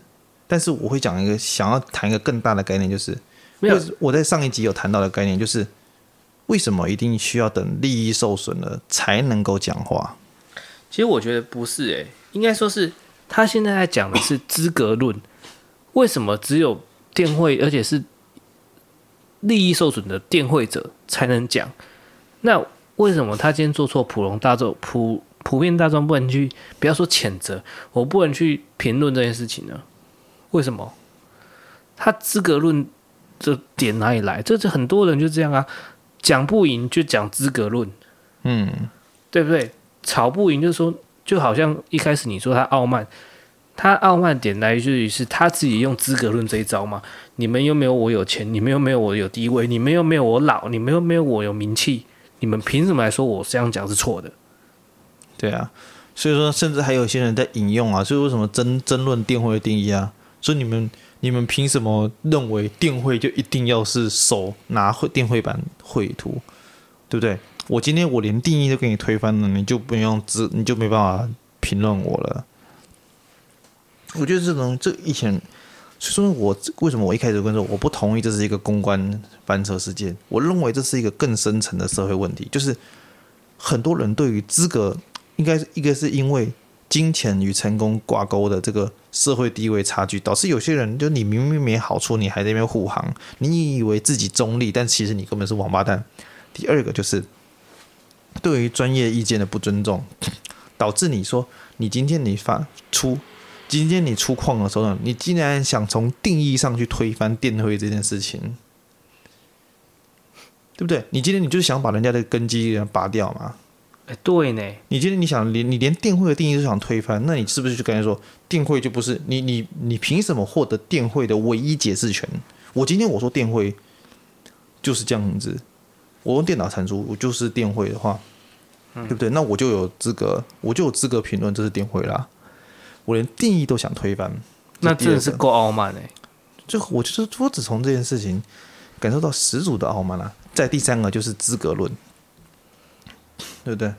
但是我會講一個想要談一個更大的概念，就是沒有我在上一集有談到的概念，就是為什麼一定需要等利益受損了才能夠講話？其實我覺得不是，欸，誒，應該說是。他現在在講的是資格論，為什麼只有電會，而且是利益受損的電會者才能講？那為什麼他今天做錯普羅大眾普普遍大眾不能去不要說譴責，我不能去評論這件事情呢？為什麼？他資格論這點哪裡來？這、就是很多人就這樣啊，講不贏就講資格論，嗯，對不對？吵不贏就是說。就好像一開始你說他傲慢，他傲慢點來自、就、於是他自己用資格論這一招嘛？你們又沒有我有錢，你們又沒有我有地位，你們又沒有我老，你們又沒有我有名氣，你們憑什麼來說我這樣講是錯的？對啊，所以說甚至還有些人在引用啊，所以為什麼爭爭論電繪的定義啊？所以你們你們憑什麼認為電繪就一定要是手拿繪電繪版繪圖，對不對？我今天我連定義都給你推翻了，你就不用資，你就沒辦法評論我了。我覺得這種這以前，所以說我為什麼我一開始跟你說我不同意這是一個公關翻車事件，我認為這是一個更深層的社會問題，就是很多人對於資格應該一個是因為金錢與成功掛鈎的這個社會地位差距，導致有些人就你明明沒好處，你還在那邊護航，你以為自己中立，但其實你根本是王八蛋。第二個就是。對於專業意見的不尊重，導致你說你今天你發出今天你出礦的時候呢，你竟然想從定義上去推翻電繪這件事情，對不對？你今天你就是想把人家的根基拔掉嘛，對呢耶。你今天你想連你連電繪的定義都想推翻，那你是不是就跟人說電繪就不是你你，你憑什麼獲得電繪的唯一解釋權？我今天我說電繪就是這樣子。我用電腦產出，我就是電繪的話，嗯、對不對？那我就有資格，我就有資格評論，這是電繪啦。我連定義都想推翻，這那真的是夠傲慢最、欸、後我就是我只從這件事情感受到十足的傲慢了、啊。再第三個就是資格論，對不對？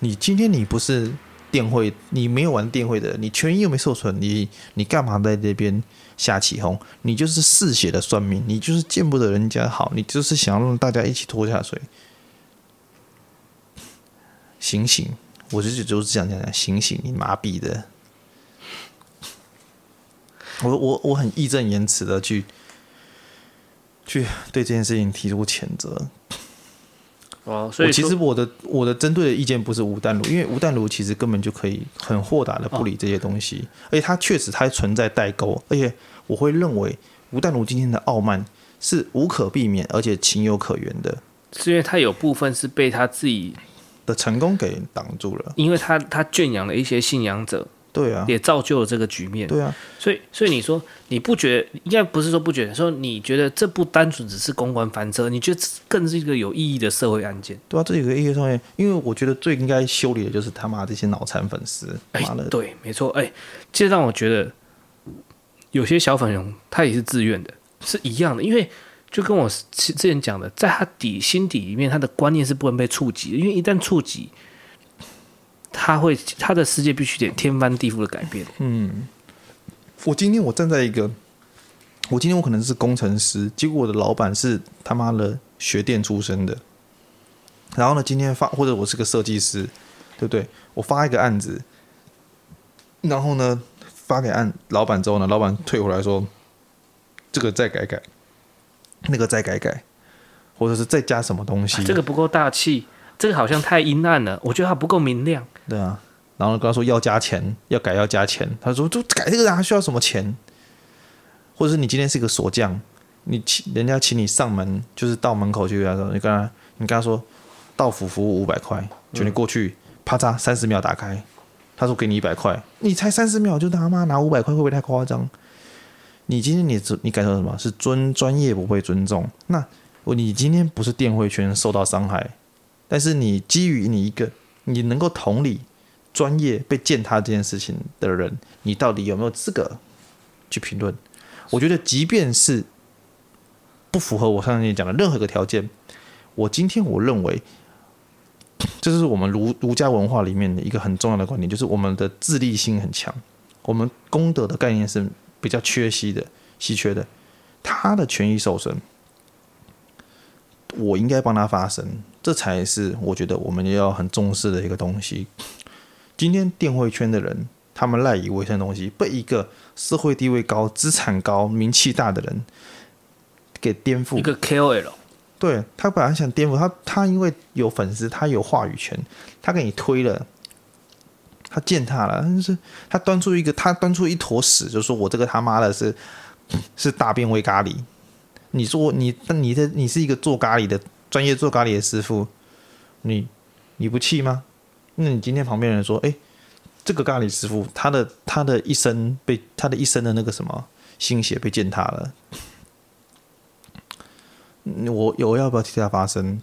你今天你不是電繪，你沒有玩電繪的，你權益又沒有受損，你你幹嘛在這邊？瞎起哄！你就是嗜血的算命，你就是見不得人家好，你就是想讓大家一起拖下水。醒醒！我就就是、就是這樣講講，醒醒！你麻痹的！我我我很義正言辭的去去對這件事情提出譴責。Oh, 所以我其實我的我的針對的意見不是吳淡如，因為吳淡如其實根本就可以很豁達的不理這些東西，oh. 而且他確實他存在代溝，而且我會認為吳淡如今天的傲慢是無可避免，而且情有可原的，是因為他有部分是被他自己的成功給擋住了，因為他他圈養了一些信仰者。對啊，也造就了這個局面。對啊，所以所以你說，你不覺得，應該不是說不覺得，說你覺得這不單純只是公關翻車，你覺得更是一個有意義的社會案件。對啊，這有個意義上面，因為我覺得最應該修理的就是他媽這些腦殘粉絲。哎，對，沒錯。哎，這讓我覺得有些小粉紅他也是自願的，是一樣的，因為就跟我之前講的，在他底心底裡面，他的觀念是不能被觸及的，因為一旦觸及。他會，他的世界必須得天翻地覆的改變。嗯，我今天我站在一個，我今天我可能是工程師，結果我的老闆是他媽的學電出身的。然後呢，今天發，或者我是個設計師，對不對？我發一個案子，然後呢，發給案老闆之後呢，老闆退回來說，這個再改改，那個再改改，或者是再加什麼東西，啊，這個不夠大氣，這個好像太陰暗了，我覺得它不夠明亮。對啊，然後跟他說要加錢，要改要加錢。他就說就改這個，啊，還需要什麼錢？或者是你今天是一個鎖匠，你請人家請你上門，就是到門口去，他說你跟他，你跟他說到府服務五百塊，就你過去，啪嚓三十秒打開。他說給你一百塊，你才三十秒就他媽拿五百塊，會不會太誇張？你今天你你感受什麼是尊專業不被尊重，那你今天不是電繪圈受到傷害，但是你基於你一個。你能夠同理專業被踐踏這件事情的人，你到底有沒有資格去評論？是我覺得，即便是不符合我上次跟你講的任何一個條件，我今天我認為，這、就是我們儒儒家文化裡面的一個很重要的觀點，就是我們的自立性很強，我們功德的概念是比較缺席的、稀缺的。他的權益受損，我應該幫他發聲。這才是我覺得我們要很重視的一個東西。今天電匯圈的人，他們賴以為生的東西，被一個社會地位高、資產高、名氣大的人給顛覆。一個 KOL，對他本來想顛覆他，他因為有粉絲，他有話語權，他給你推了，他踐踏了，但是他端出一個，他端出一坨屎，就說：“我這個他媽的是是大便味咖喱。”你說你那你的你是一個做咖喱的。專業做咖喱的師傅，你你不氣嗎？那你今天旁邊人說：“誒、欸，這個咖喱師傅，他的他的一生被他的一生的那個什麼心血被踐踏了。”我我有要不要替他發聲？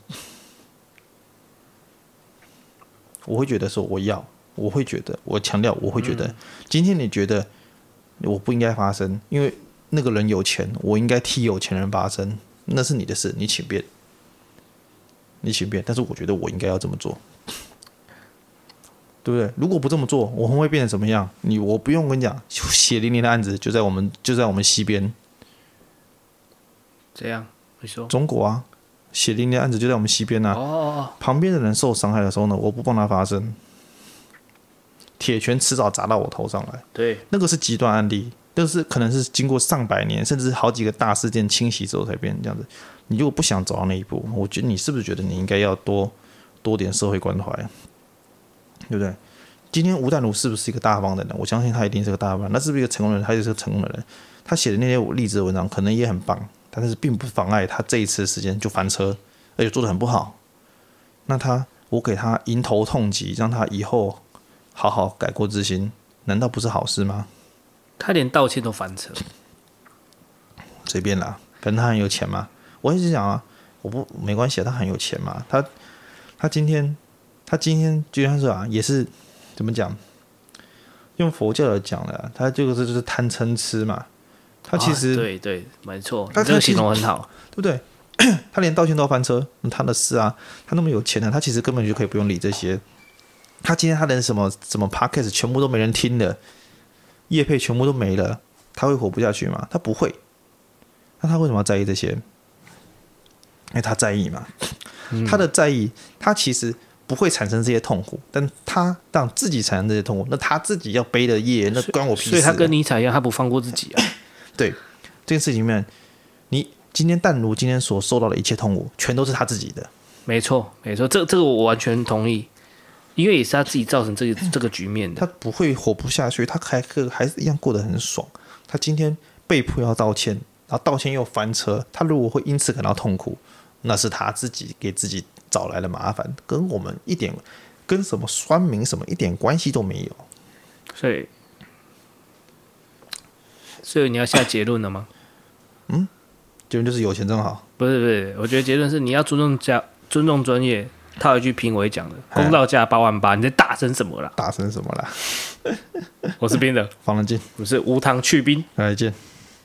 我會覺得說我要，我會覺得我強調，我會覺得、嗯、今天你覺得我不應該發聲，因為那個人有錢，我應該替有錢人發聲，那是你的事，你請便。一起變，但是我覺得我應該要這麼做，對不對？如果不這麼做，我們會變得怎麼樣？你我不用跟你講，血淋淋的案子就在我們就在我們西邊。這樣你說中國啊，血淋淋的案子就在我們西邊啊。哦哦哦，旁邊的人受傷害的時候呢，我不幫他發聲，鐵拳遲早砸到我頭上來。對，那個是極端案例，但、就是可能是經過上百年，甚至是好幾個大事件清洗之後才變成這樣子。你如果不想走到那一步，我覺得你是不是覺得你應該要多多點社會關懷，對不對？今天吳淡如是不是一個大方的人？我相信他一定是個大方，那是不是一個成功的人？他就是個成功的人。他寫的那些勵志文章可能也很棒，但是並不妨礙他這一次的時間就翻車，而且做得很不好。那他我給他迎頭痛擊，讓他以後好好改過自新，難道不是好事嗎？他連道歉都翻車，隨便啦，反正他很有錢嘛。我一直講啊，我不，沒關係、啊，他很有錢嘛。他他今天他今天就像是啊，也是怎麼講？用佛教來講的、啊、他這個是就是貪、就是、嗔癡嘛。他其實、啊、對對沒錯，他這個系統很好，對不對？他連道歉都要翻車，嗯、他的事啊，他那麼有錢呢，他其實根本就可以不用理這些。他今天他的什麼什麼 Podcast 全部都沒人聽的，業配全部都沒了，他會活不下去嗎？他不會。那他為什麼要在意這些？因為他在意嘛，嗯、他的在意，他其實不會產生這些痛苦，但他讓自己產生這些痛苦，那他自己要背的業，那關我屁事。所以，他跟尼采一樣，他不放過自己、啊。 對，這件事情裡面，你今天但如今天所受到的一切痛苦，全都是他自己的。沒錯，沒錯，這這個我完全同意，因為也是他自己造成這個這個局面的。他不會活不下去，他還可還是一樣過得很爽。他今天被迫要道歉，然後道歉又翻車，他如果會因此感到痛苦，那是他自己給自己找來的麻煩，跟我們一點，跟什麼酸民什麼一點關係都沒有。所以，所以你要下結論了嗎？哎、嗯，結論就是有錢真好。不是不是，我覺得結論是你要尊重價，尊重專業。套一句評委講的：“公道價八萬八，你在大聲什麼啦？”大聲什麼啦？ 我是冰的，方冷靜，我是無糖去冰，再見。